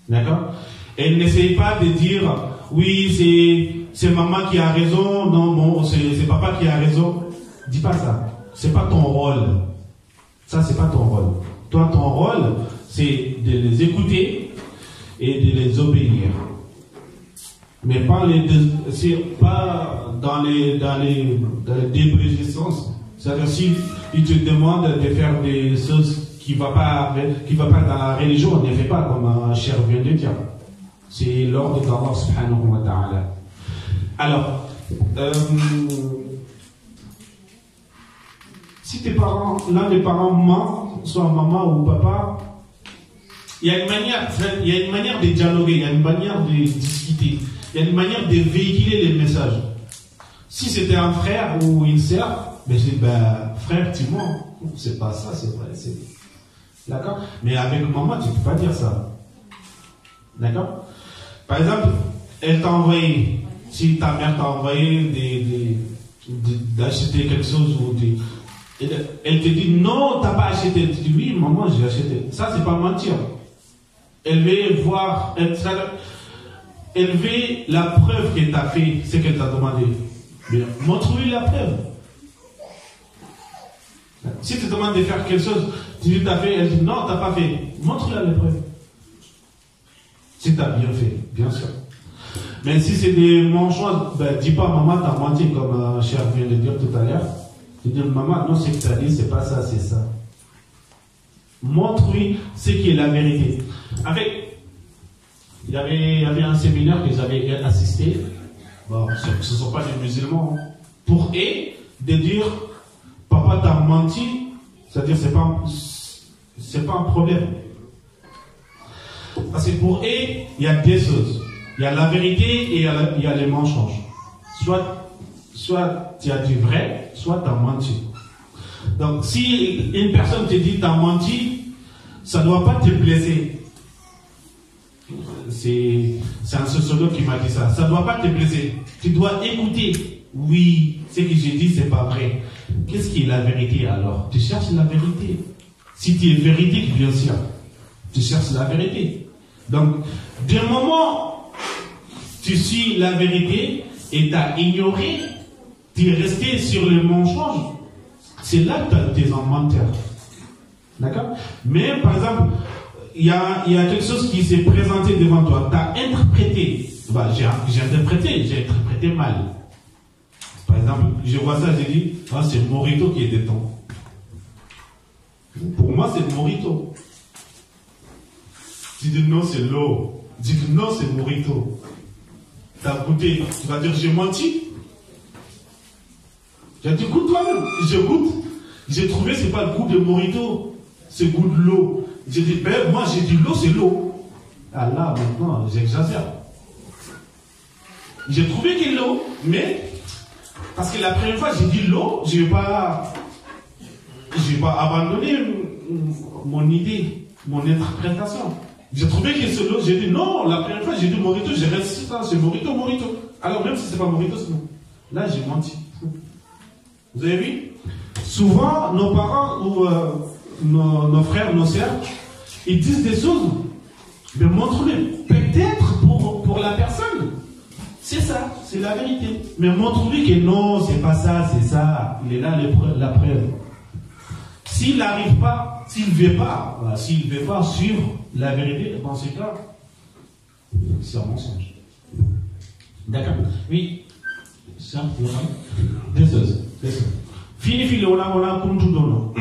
D'accord elle n'essaye pas de dire, oui, c'est maman qui a raison, non, bon, c'est papa qui a raison. Dis pas ça. C'est pas ton rôle. Ça, c'est pas ton rôle. Toi, ton rôle, c'est de les écouter et de les obéir. Mais pas, les, pas dans les, dans les, dans sens. C'est-à-dire, si il te demande de faire des choses qui ne vont pas, va pas dans la religion, ne fait pas comme un cher vient de dire. C'est l'ordre d'Allah subhanahu wa ta'ala. Alors, euh, si tes parents, l'un des parents ment, soit maman ou papa, il y a une manière, il a une manière de dialoguer, il y a une manière de discuter, il y a une manière de véhiculer les messages. Si c'était un frère ou une sœur, ben je dis, ben, frère, tu mens. C'est pas ça, c'est vrai, D'accord Mais avec maman, tu ne peux pas dire ça. D'accord par exemple, elle t'a envoyé, si ta mère t'a envoyé d'acheter quelque chose ou elle, te dit non, t'as pas acheté. Tu dis oui, maman, j'ai acheté. Ça, c'est pas mentir. Elle veut voir, elle, veut la preuve qu'elle t'a fait, ce qu'elle t'a demandé. Montre-lui la preuve. Si tu demandes de faire quelque chose, tu lui t'as fait, elle dit non, t'as pas fait. Montre-lui la preuve. Si tu as bien fait, bien sûr. Mais si c'est des mensonges, ben, dis pas maman, t'as menti, comme euh, cher vient de dire tout à l'heure. dis maman, non, ce que as dit, c'est pas ça, c'est ça. Montre-lui ce qui est la vérité. Avec, il y avait, avait un séminaire que j'avais assisté. Bon, ce ne sont pas des musulmans. Hein. Pour eux, de dire, papa, t'as menti, c'est-à-dire, c'est pas, c'est pas un problème. Parce que pour eux, il y a deux choses. Il y a la vérité et il y a, les mensonges. Soit, soit tu as du vrai, soit tu as menti. Donc si une personne te dit tu as menti, ça ne doit pas te blesser. C'est un sociologue qui m'a dit ça. Ça ne doit pas te blesser. Tu dois écouter. Oui, ce que j'ai dit, c'est pas vrai. Qu'est-ce qui est la vérité alors Tu cherches la vérité. Si tu es vérité, bien sûr, tu cherches la vérité. Donc, le moment tu suis la vérité et tu as ignoré, tu es resté sur le mensonge, c'est là que tu es en menteur. D'accord Mais par exemple, il y a, quelque chose qui s'est présenté devant toi. Tu as interprété. Bah, j'ai interprété, j'ai interprété mal. Par exemple, je vois ça, j'ai dit, ah, c'est Morito qui est détendu. Pour moi, c'est Morito. Tu dis non, c'est l'eau. J'ai dis non, c'est morito. as goûté. Tu vas dire, j'ai menti. J'ai dit, goûte toi-même. Je goûte. J'ai trouvé, c'est pas le goût de morito. C'est le goût de l'eau. J'ai dit, ben, moi, j'ai dit, l'eau, c'est l'eau. Ah là, maintenant, j'exagère. J'ai trouvé que l'eau, mais, parce que la première fois, j'ai dit l'eau, je n'ai pas, abandonné pas mon idée, mon interprétation. J'ai trouvé que c'est l'autre. J'ai dit non, la première fois, j'ai dit Morito, j'ai resté hein, c'est Morito, Morito. Alors même si c'est pas Morito, c'est bon. Là, j'ai menti. Vous avez vu Souvent, nos parents ou euh, nos, nos, frères, nos sœurs, ils disent des choses, mais montre-le. Peut-être pour, pour la personne, c'est ça, c'est la vérité. Mais montre-lui que non, c'est pas ça, c'est ça. Il est là la preuve. S'il n'arrive pas s'il ne veut pas, voilà, s'il ne veut pas suivre la vérité, dans ce cas, c'est un mensonge. D'accord Oui. Ça, Désolé. Désolé. Fini fili wona wona kuntu dono.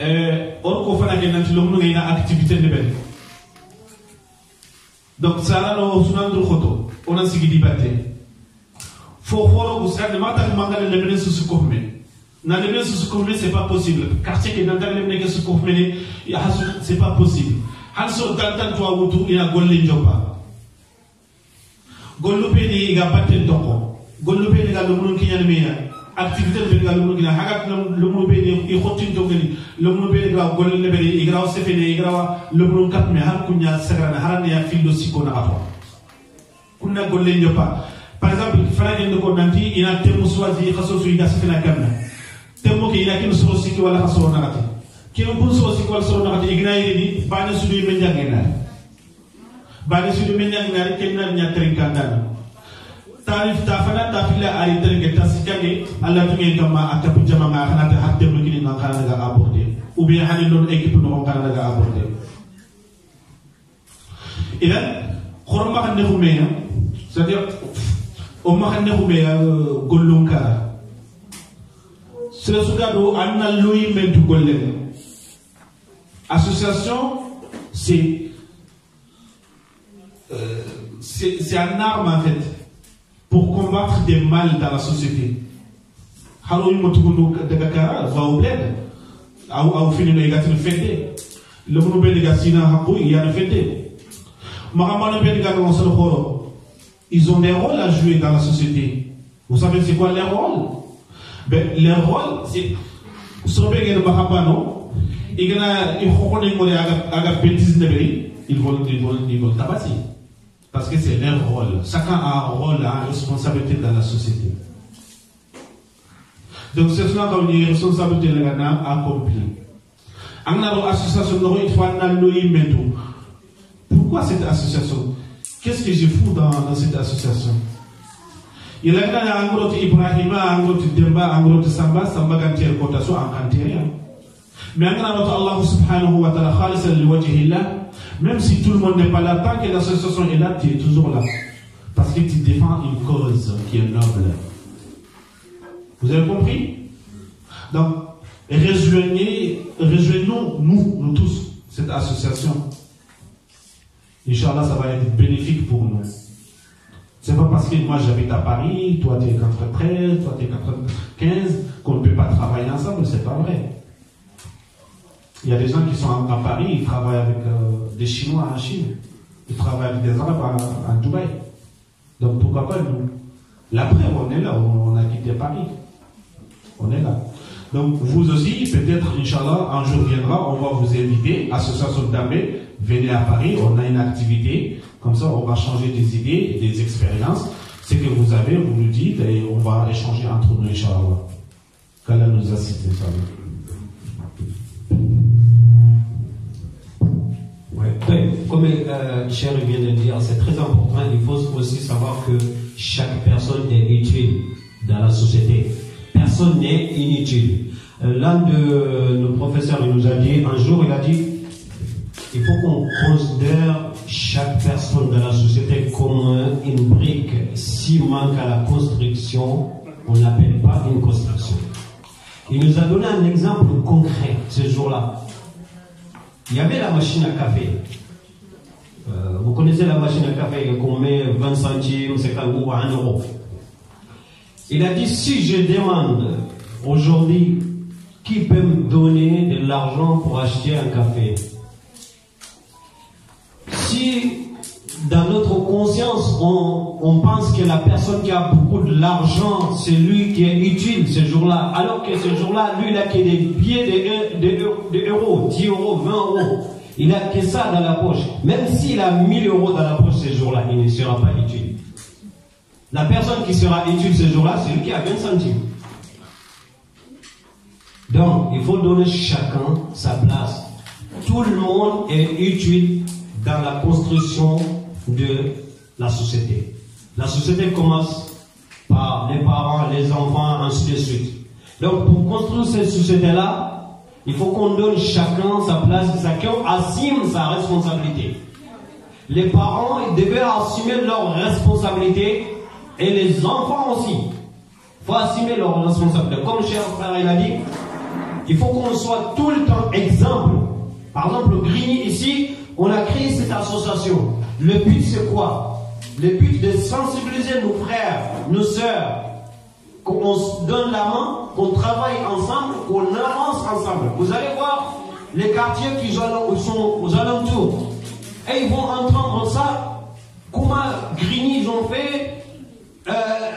Euh, On ko fana ke nanti lomnu une activité de ben. Donc ça là lo sunan dul khoto. On a sigi dibaté. Fo khoro ko sa de mata mangale de ben su su ko men nane ne susukuhme c'est pas possible quartier ke que neke sukuhmene hasu c'est pas possible han so dantan tuwa wutu ina golle njomba gollu peni iga batten toko gollu peni ga lumunu kiñan meya activité be ga lumunu kina hagat lumunu peni i xottin tongeni lumunu peni ga golle lebere igraw sefene igrawa lumunu katme har kuña sagrana haraneya fillo sikkona xato kunna golle njomba par exemple fana ñen ko nanti ina temu soisi xaso suiga sefena kamna تموكي لكن سوسيكي ولا خسرنا غادي كيما بون سوسيكي ولا خسرنا غادي إغناي لي بانا سودي من جانينا بانا سودي من جانينا كيما نيا ترينكان دانا تعرف تافنا تافيلا أي ترينك تاسيكاني ألا تمين كما أكابو جماعة خنا تهاتي مكيني نانكارا لغا أبوردي وبيا هاني لون إيكي بنو نانكارا لغا أبوردي إذا خرم ما خنده خميه سأتيب أم ما خنده خميه قلونكارا sila suka do an na loyi men dugolle association c'est euh, c'est un arme en fait pour combattre des mal dans la société haro yimo tugundu de Dakar va au bled aw aw fini gars igatin fete le munu be daga sina hakku yana fete mahamana be daga on se le ils ont des rôles à jouer dans la société vous savez c'est quoi les rôles ben c'est... si sobe ne ba pas igana ils khokone ngore bêtise de beri ils vont ils vont ils vont tabasser parce que c'est leur rôle chacun a un rôle une responsabilité dans la société donc c'est cela qu'on dit responsabilité la gana accompli En association il faut pourquoi cette association qu'est-ce que je fous dans cette association il a ilangana anguroti ibrahima anguroti demba anguroti samba samba Gantier, kota so an kanteria mais quand allah subhanahu wa taala khalisan liwajhillah même si tout le monde n'est pas là tant que l'association est là tu es toujours là parce que tu défends une cause qui est noble vous avez compris donc rejoignez rejoignons nous nous tous cette association Inch'Allah ça va être bénéfique pour nous c'est pas parce que moi j'habite à Paris, toi tu es 93, toi tu es 95, qu'on ne peut pas travailler ensemble, c'est pas vrai. Il y a des gens qui sont à Paris, ils travaillent avec euh, des Chinois en Chine, ils travaillent avec des Arabes en Dubaï. Donc pourquoi pas nous L'après, on est là, on, a quitté Paris. On est là. Donc vous aussi, peut-être, Inch'Allah, un jour viendra, on va vous inviter, à ce Association d'Amé, venez à Paris, on a une activité, comme ça, on va changer des idées et des expériences. Ce que vous avez, vous nous dites et on va échanger entre nous, Inch'Allah. Qu'Allah nous ça Ouais. Comme euh, Cher vient de dire, c'est très important. Il faut aussi savoir que chaque personne est utile dans la société. Personne n'est inutile. Euh, l'un de nos professeurs il nous a dit, un jour, il a dit, il faut qu'on considère chaque personne de la société comme une brique. Si manque à la construction, on n'appelle pas une construction. Il nous a donné un exemple concret ce jour-là. Il y avait la machine à café. Euh, vous connaissez la machine à café qu'on met 20 centimes, 50 ou 1 euro. Il a dit si je demande aujourd'hui qui peut me donner de l'argent pour acheter un café dans notre conscience, on, on, pense que la personne qui a beaucoup de l'argent, c'est lui qui est utile ce jour-là. Alors que ce jour-là, lui, il a que des billets de, euros, 10 euros, 20 euros. Il a que ça dans la poche. Même s'il a 1000 euros dans la poche ce jour-là, il ne sera pas utile. La personne qui sera utile ce jour-là, c'est lui qui a 20 centimes. Donc, il faut donner chacun sa place. Tout le monde est utile dans la construction de la société. La société commence par les parents, les enfants, ainsi de suite. Donc pour construire cette société-là, il faut qu'on donne chacun sa place, chacun assume sa responsabilité. Les parents ils devaient assumer leur responsabilité et les enfants aussi. Il faut assumer leur responsabilité. Comme cher frère il a dit, il faut qu'on soit tout le temps exemple. Par exemple, Grigny ici, on a créé cette association. Le but, c'est quoi Le but de sensibiliser nos frères, nos sœurs, qu'on se donne la main, qu'on travaille ensemble, qu'on avance ensemble. Vous allez voir les quartiers qui sont aux alentours. Et ils vont entendre ça, comment Grigny ils ont fait. Euh,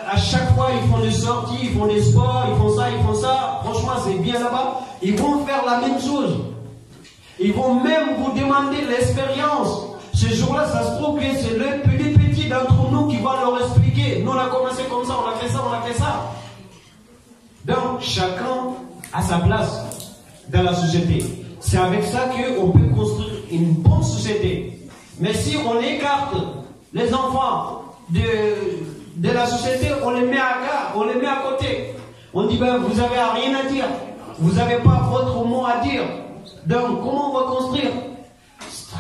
à chaque fois, ils font des sorties, ils font des sports, ils font ça, ils font ça. Franchement, c'est bien là-bas. Ils vont faire la même chose. Ils vont même vous demander l'expérience. Ce jour-là, ça se trouve que c'est le petit petit d'entre nous qui va leur expliquer. Nous, on a commencé comme ça, on a fait ça, on a fait ça. Donc, chacun a sa place dans la société. C'est avec ça qu'on peut construire une bonne société. Mais si on écarte les enfants de, de la société, on les met à gare, on les met à côté. On dit, ben, vous n'avez rien à dire. Vous n'avez pas votre mot à dire. Donc, comment on va construire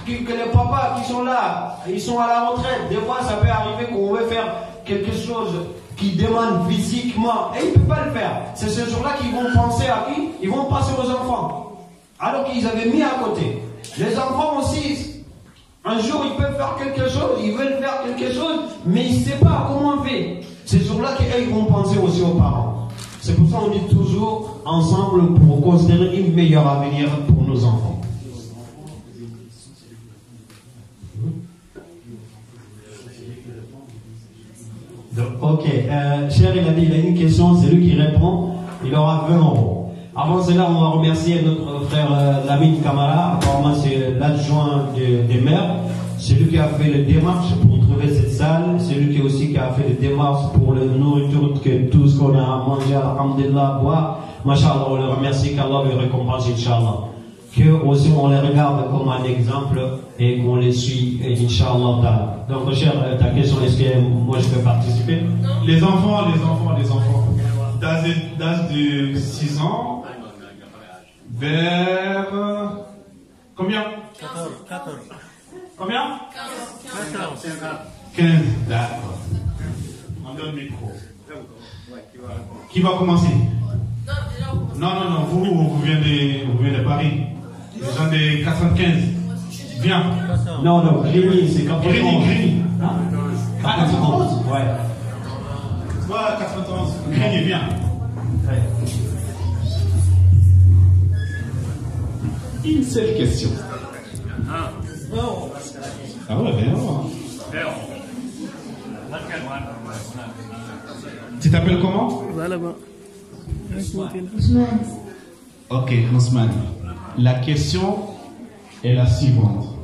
que, que les papas qui sont là, ils sont à la retraite. Des fois, ça peut arriver qu'on veut faire quelque chose qui demande physiquement et ils ne peuvent pas le faire. C'est ce jour-là qu'ils vont penser à qui Ils vont penser aux enfants. Alors qu'ils avaient mis à côté. Les enfants aussi, un jour ils peuvent faire quelque chose, ils veulent faire quelque chose, mais ils ne savent pas comment faire C'est ce jour-là qu'ils vont penser aussi aux parents. C'est pour ça qu'on dit toujours ensemble pour considérer une meilleure avenir pour nos enfants. ok, euh, cher, il a dit, il a une question, c'est lui qui répond, il aura 20 euros. Avant cela, on va remercier notre frère euh, Lamine Kamala, apparemment c'est l'adjoint des maires. C'est lui qui a fait les démarches pour trouver cette salle, lui qui aussi qui a fait les démarches pour le nourriture, que tout ce qu'on a à manger, alhamdulillah, boire, Masha'Allah, on le remercie qu'Allah lui récompense, Inch'Allah. Que aussi on les regarde comme un exemple et qu'on les suit, Inch'Allah. Donc, cher, euh, ta question, est-ce que moi je peux participer Les enfants, les enfants, les enfants. D'âge de 6 ans vers. Combien 14. 14. Combien 15. 15 d'accord. On donne le micro. Qui va commencer Non, non, non, vous, vous venez de, vous venez de Paris. Vous êtes des 95. Viens. Non, non, Grigny, c'est quand Grigny, Grigny. Hein ah, 91 ah, Ouais. Toi, 91. Grigny, viens. Une seule question. Ah. Non. Ah hein. Tu t'appelles comment Ok, Osman. La question est la suivante.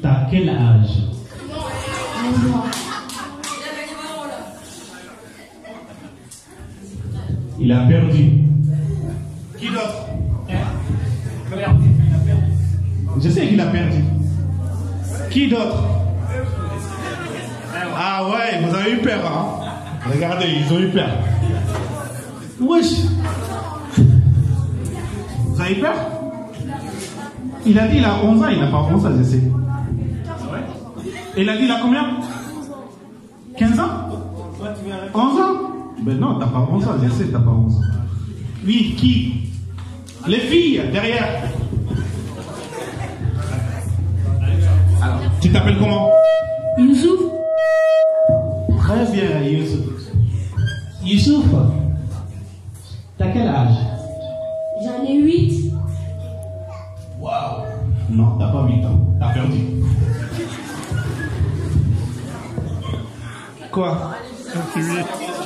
T'as quel âge Il a perdu. Je sais qu'il a perdu. Qui d'autre Ah ouais, vous avez eu peur, hein Regardez, ils ont eu peur. Wesh Vous avez peur Il a dit il a 11 ans, il n'a pas 11 ans, je sais. Il a dit il a combien 15 ans 11 ans Ben non, tu t'as pas 11 ans, je sais, t'as pas 11 ans. Oui, qui Les filles, derrière. tu t'appelles comment Youssouf. Très bien, Youssouf. Youssouf, t'as quel âge J'en ai 8. Waouh Non, t'as pas 8 ans. T'as perdu. Quoi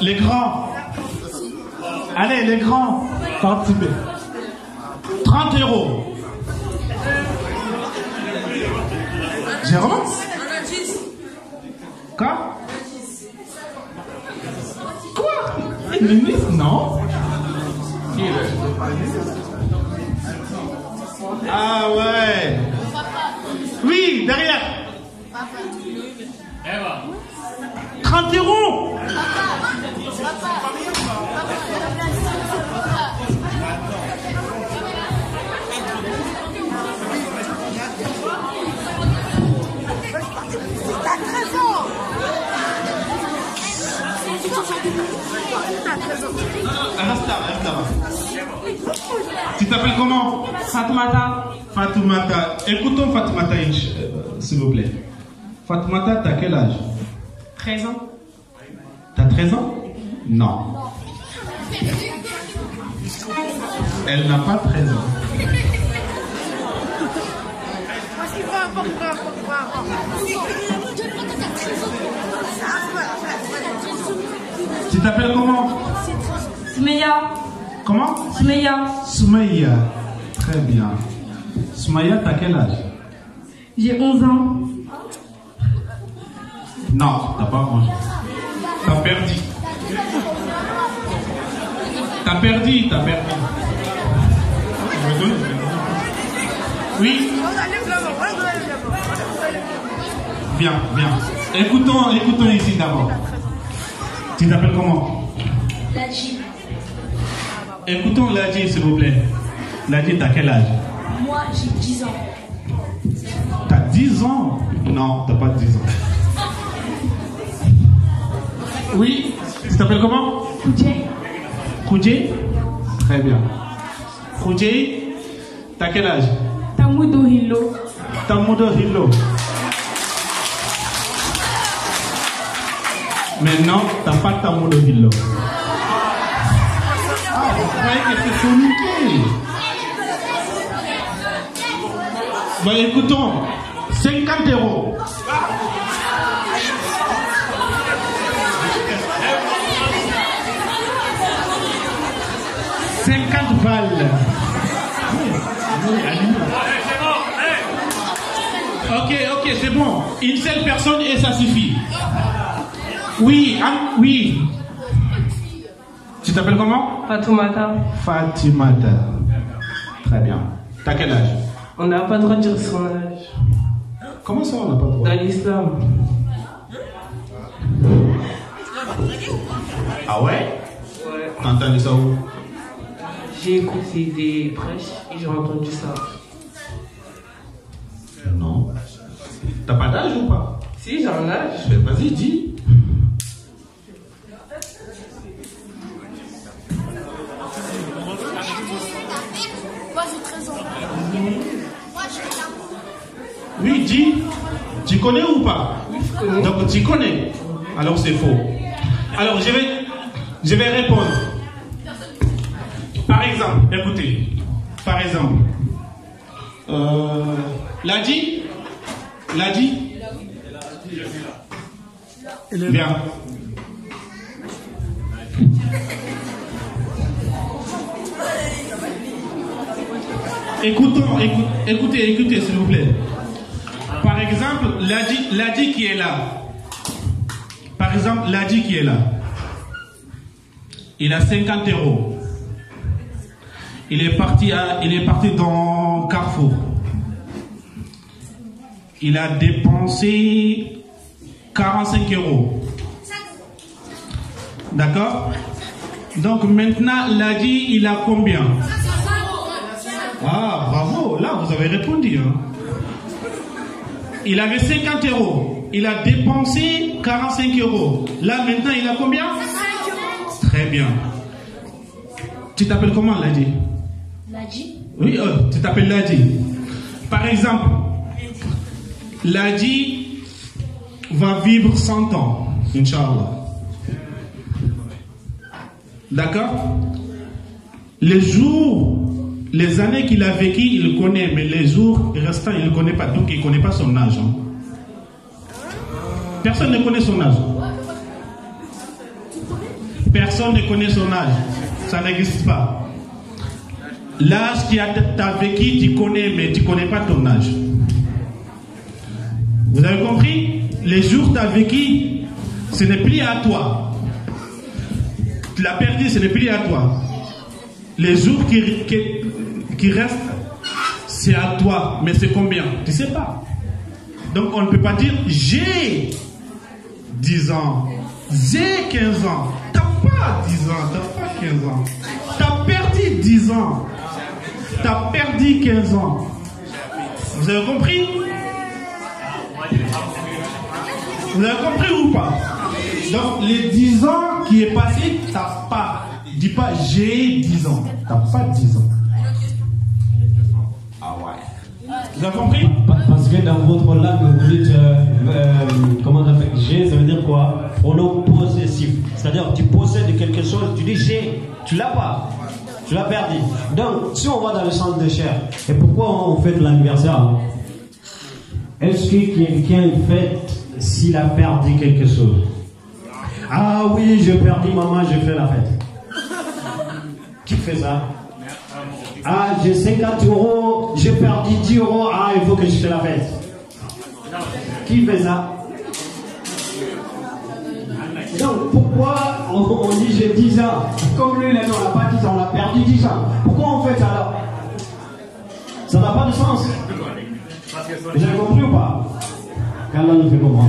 Les grands. Allez, les grands, 30 euros. Jérôme Quoi Quoi Ministre Non. Ah ouais Oui, derrière Eva. 30 euros Papa. Papa. Tu t'appelles comment Fatoumata. Fatoumata. Écoutons Fatoumata, euh, s'il vous plaît. Fatoumata, t'as quel âge 13 ans. T'as 13 ans Non. Elle n'a pas 13 ans. Tu t'appelles comment Soumeya. Comment Soumeya. Soumeya. Très bien. Soumeya, t'as quel âge J'ai 11 ans. Non, t'as pas 11 T'as perdu. T'as perdu, t'as perdu. Oui Bien, bien. Écoutons, écoutons ici d'abord. Tu t'appelles comment Ladji. Écoutons Ladji, s'il vous plaît. Ladji, t'as quel âge Moi, j'ai 10 ans. T'as 10 ans Non, t'as pas 10 ans. Oui, tu t'appelles comment Koudjé. Koudjé Très bien. Koudjé, t'as quel âge Tamudo Hilo. Tamudo Hilo. Maintenant, t'as pas ta mot de ville Ah, vous croyez que c'est son Bon, écoutons. 50 euros. 50 balles. Ok, ok, c'est bon. Une seule personne et ça suffit. Oui, ah, oui. Tu t'appelles comment Fatoumata. Fatimata. Très bien. T'as quel âge On n'a pas le droit de dire son âge. Comment ça, on n'a pas le droit Dans l'islam. Ah ouais Ouais. T'as entendu ça où J'ai écouté des prêches et j'ai entendu ça. Non. T'as pas d'âge ou pas Si, j'ai un âge. Ben, vas-y, dis. Oui dis, tu connais ou pas Donc tu connais. Alors c'est faux. Alors je vais, je vais répondre. Par exemple, écoutez, par exemple, euh, l'a dit L'a dit Bien. Écoutons, écoutez, écoutez, s'il vous plaît. Par exemple, l'adi qui est là. Par exemple, l'adi qui est là. Il a 50 euros. Il est parti, à, il est parti dans Carrefour. Il a dépensé 45 euros. D'accord Donc maintenant, l'adi, il a combien ah, bravo, là vous avez répondu. Hein. Il avait 50 euros. Il a dépensé 45 euros. Là maintenant, il a combien euros. Très bien. Tu t'appelles comment, Ladi Ladi Oui, euh, tu t'appelles Ladi. Par exemple, Ladi va vivre 100 ans, Inch'Allah. D'accord Le jour les années qu'il a vécues, il connaît, mais les jours restants, il ne connaît pas. Donc, il ne connaît pas son âge. Hein. Personne ne connaît son âge. Personne ne connaît son âge. Ça n'existe pas. L'âge qui a vécu, tu connais, mais tu ne connais pas ton âge. Vous avez compris Les jours que tu as vécu, ce n'est plus à toi. Tu l'as perdu, ce n'est plus à toi. Les jours qui, restent, c'est à toi, mais c'est combien Tu ne sais pas. Donc on ne peut pas dire j'ai 10 ans, j'ai 15 ans. Tu T'as pas 10 ans, tu t'as pas 15 ans. Tu as perdu 10 ans. Tu as perdu 15 ans. Vous avez compris Vous avez compris ou pas Donc les 10 ans qui est passé, t'as pas Dis pas j'ai 10 ans. T'as pas 10 ans. Ah ouais. Vous avez compris Parce que dans votre langue, vous dites, euh, euh, comment ça fait J'ai, ça veut dire quoi Pronom possessif. C'est-à-dire, tu possèdes quelque chose, tu dis j'ai. Tu l'as pas. Tu l'as perdu. Donc, si on va dans le centre de chair, et pourquoi on fête l'anniversaire hein? Est-ce que quelqu'un fête s'il a perdu quelque chose Ah oui, j'ai perdu maman, j'ai fait la fête qui fait ça Ah, j'ai 50 euros, j'ai perdu 10 euros, ah, il faut que je te la fasse. Qui fait ça donc pourquoi on, dit j'ai 10 ans Comme lui, là, on n'a pas 10 ans, on a perdu 10 ans. Pourquoi on fait ça alors Ça n'a pas de sens. Vous avez compris ou pas Quand là, nous fait comment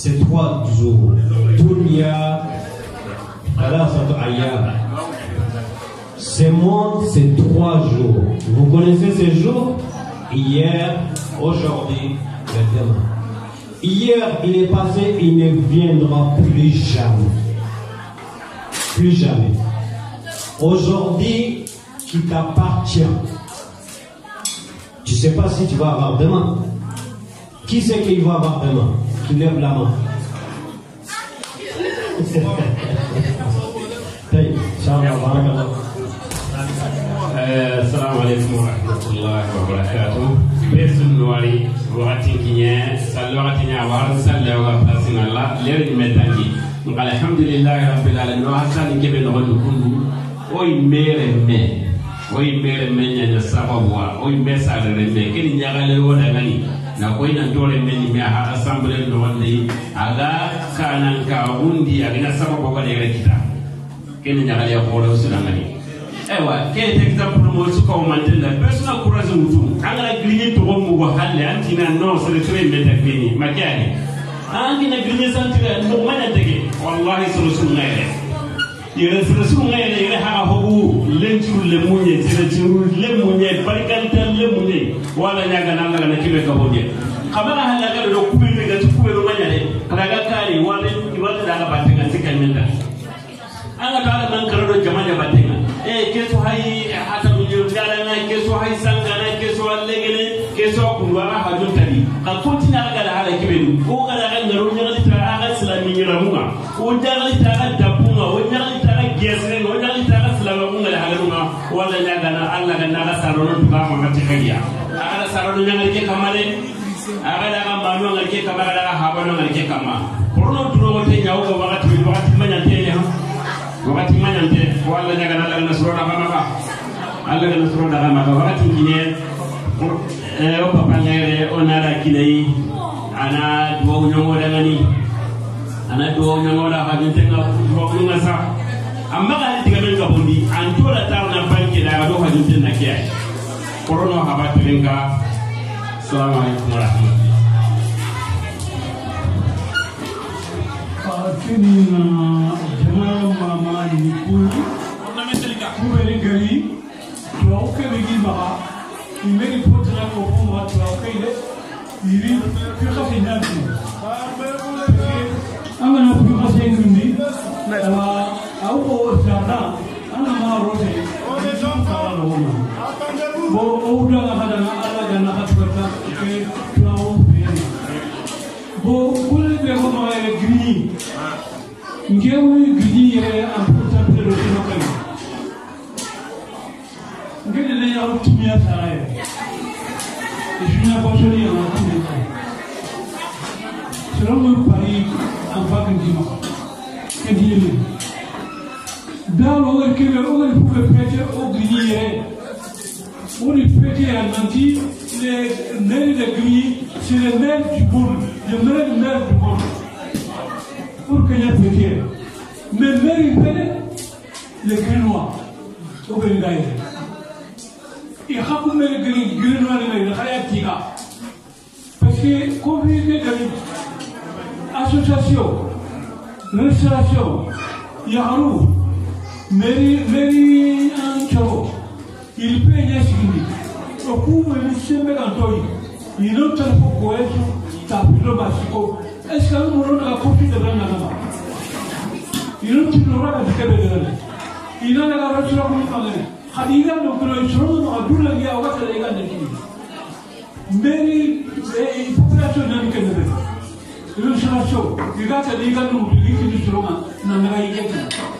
ces trois jours. tout Ce monde, c'est trois jours. Vous connaissez ces jours Hier, aujourd'hui, et demain. Hier, il est passé, il ne viendra plus jamais. Plus jamais. Aujourd'hui, qui t'appartient Tu ne sais pas si tu vas avoir demain. Qui c'est qu'il va avoir demain Tu lèves la main. طيب ان شاء الله بارك الله السلام عليكم ورحمه الله وبركاته بيرسون نواري وقتي كينيا سلوغتي نيا وارن سلوغا باسين الله ليري ميتانجي قال الحمد لله رب العالمين وحسن كبن غدو كندو oy mere me oy mere me nyanya sababu wa oy mesa de me kini nyagale wona ngani na koyna tole men me aha assemblée no wonde aga kanan ka wundi agina sababo wala rekita kene nyaga ya ko lo sulangani ewa kene tekta pour mo su ko mandela personal courage mutum la grinye to mo go antina no sele tre me ta grinye makani antina grinye santira no mana tege wallahi sulu sunna yere sere sungene yere ha hogu lentu le munye sere tiru le munye barikanta le munye wala nyaga na ngana kibe ka hoje kabara hala ga do kubele ga tukube do manyare kada ga kare wala wala da ga batenga sika nyanda anga ta nan karado jama'a batenga e keso hai hata dunyo dala na keso hai sanga na keso allegele keso kunwara hajun tani ka kontina ga da hala kibe ko ga da ga ngaro nyaga ta ga islami nyiramuga ko jaga ta ga yesre no nyali ta salama ko ngala haluma wala nyaga na alla ga na saro no tuka mo mati kadiya ala saro no nyanga ke kamale aga da ga manu ngal ke kama ga ga haba no ngal ke kama porno duro te nyawo ko wakati wakati manya te ne ha wakati manya te wala nyaga na alla na saro na mama ka alla ga na saro na mama ka wakati ngine o papa ngere onara kinai ana duwa nyongo dangani ana duwa nyongo da hajin tenga duwa nyongo sa amma ga ni tigamen ka bondi an tola tar na banke da do hajin tin na kiyaye korono ha ba tilinga assalamu alaikum fasini na jama'a mama ni ku ku bere gari to ke be gi ba imeri potra ko ko ma to ke le iri ke khafina ni amana ku ma sen ni ala au sana ana ma rote ala no ma bo o da ga hada na ala ga na hatu ta ke na o pe bo kule be ko ma e gini nge o gini e an puta pe ro no ka nge le ya o tumia sa e e je na p o joli en il on ne pouvait au On les prêtait les maires de c'est le même du monde, le même du monde. Pour qu'il y ait péché. Mais maire, il les Grinois, au Et les Grinois, les Parce que, il y association, restauration, rôle. very, very ancho. Il pegna sini. O kuma ele sempre cantou. E não tem pouco isso, tá pelo básico. Esse cara morou na corte de Brana Nama. E não tinha nada que ver com ele. E não era a raça como ele. Hadida no pelo isso, não abula guia o que ele ganha aqui. Many population não quer ver. Ilusão show. Diga que diga no livro de Roma, não era isso.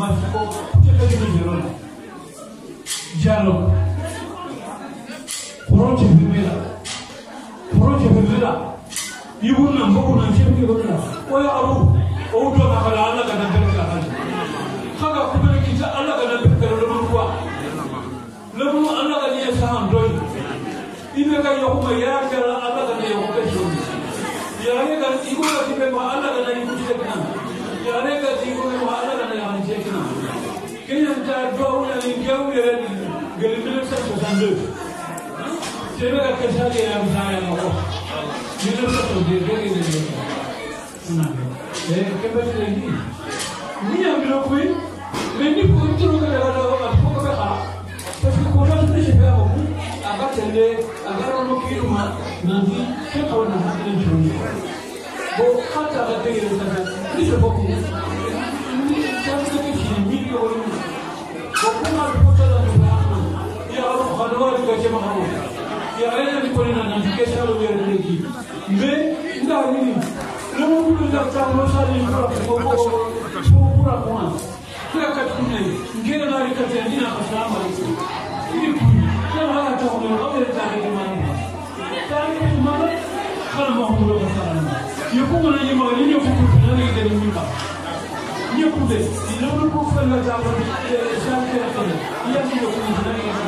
mafico tekali mwenyewe dialogue proche vimela proche vimela ibu na mboko na mshe mke kuna oya abu o do na kala ala kana kana kana kaga kuma kita ala kana kana lomu kwa lomu ala kana ya sahan doi ina ka yakuma ya kana ala kana yakuma shoni ya ne kan ibu na kibema ala kana 겨울에는 겨울에 그림을 썼었는데 제가 그사기에 감사하고 믿을 것도 되게 되는 네, 깨끗이 그냥 그렇고요. 왠지 본투로 가다가 맞고 가다가 사실 고라스를 제가 아까 전에 아까 너무 기름만 나지 세포나 하는 중이에요. 뭐 하다가 되게 되잖아요. 그래서 보고 m o r application xamul yow ay na ko ne naan application la wér de kii mais ndax ni le mo ko ndax tam mo sa ni ko ko ko ko pura ko an kila kati ne ngena na ri kati ni na ko sa ma ni ku na ha ta ko no ko ta ni ma ni ta ni ma ma ka mo ko ko sa ni yo ko na ni ma ni yo ko ko na ni de ni ma ni ku de ni lo ko ko la ta ko ni sa ni ya ni yo ko ni na ni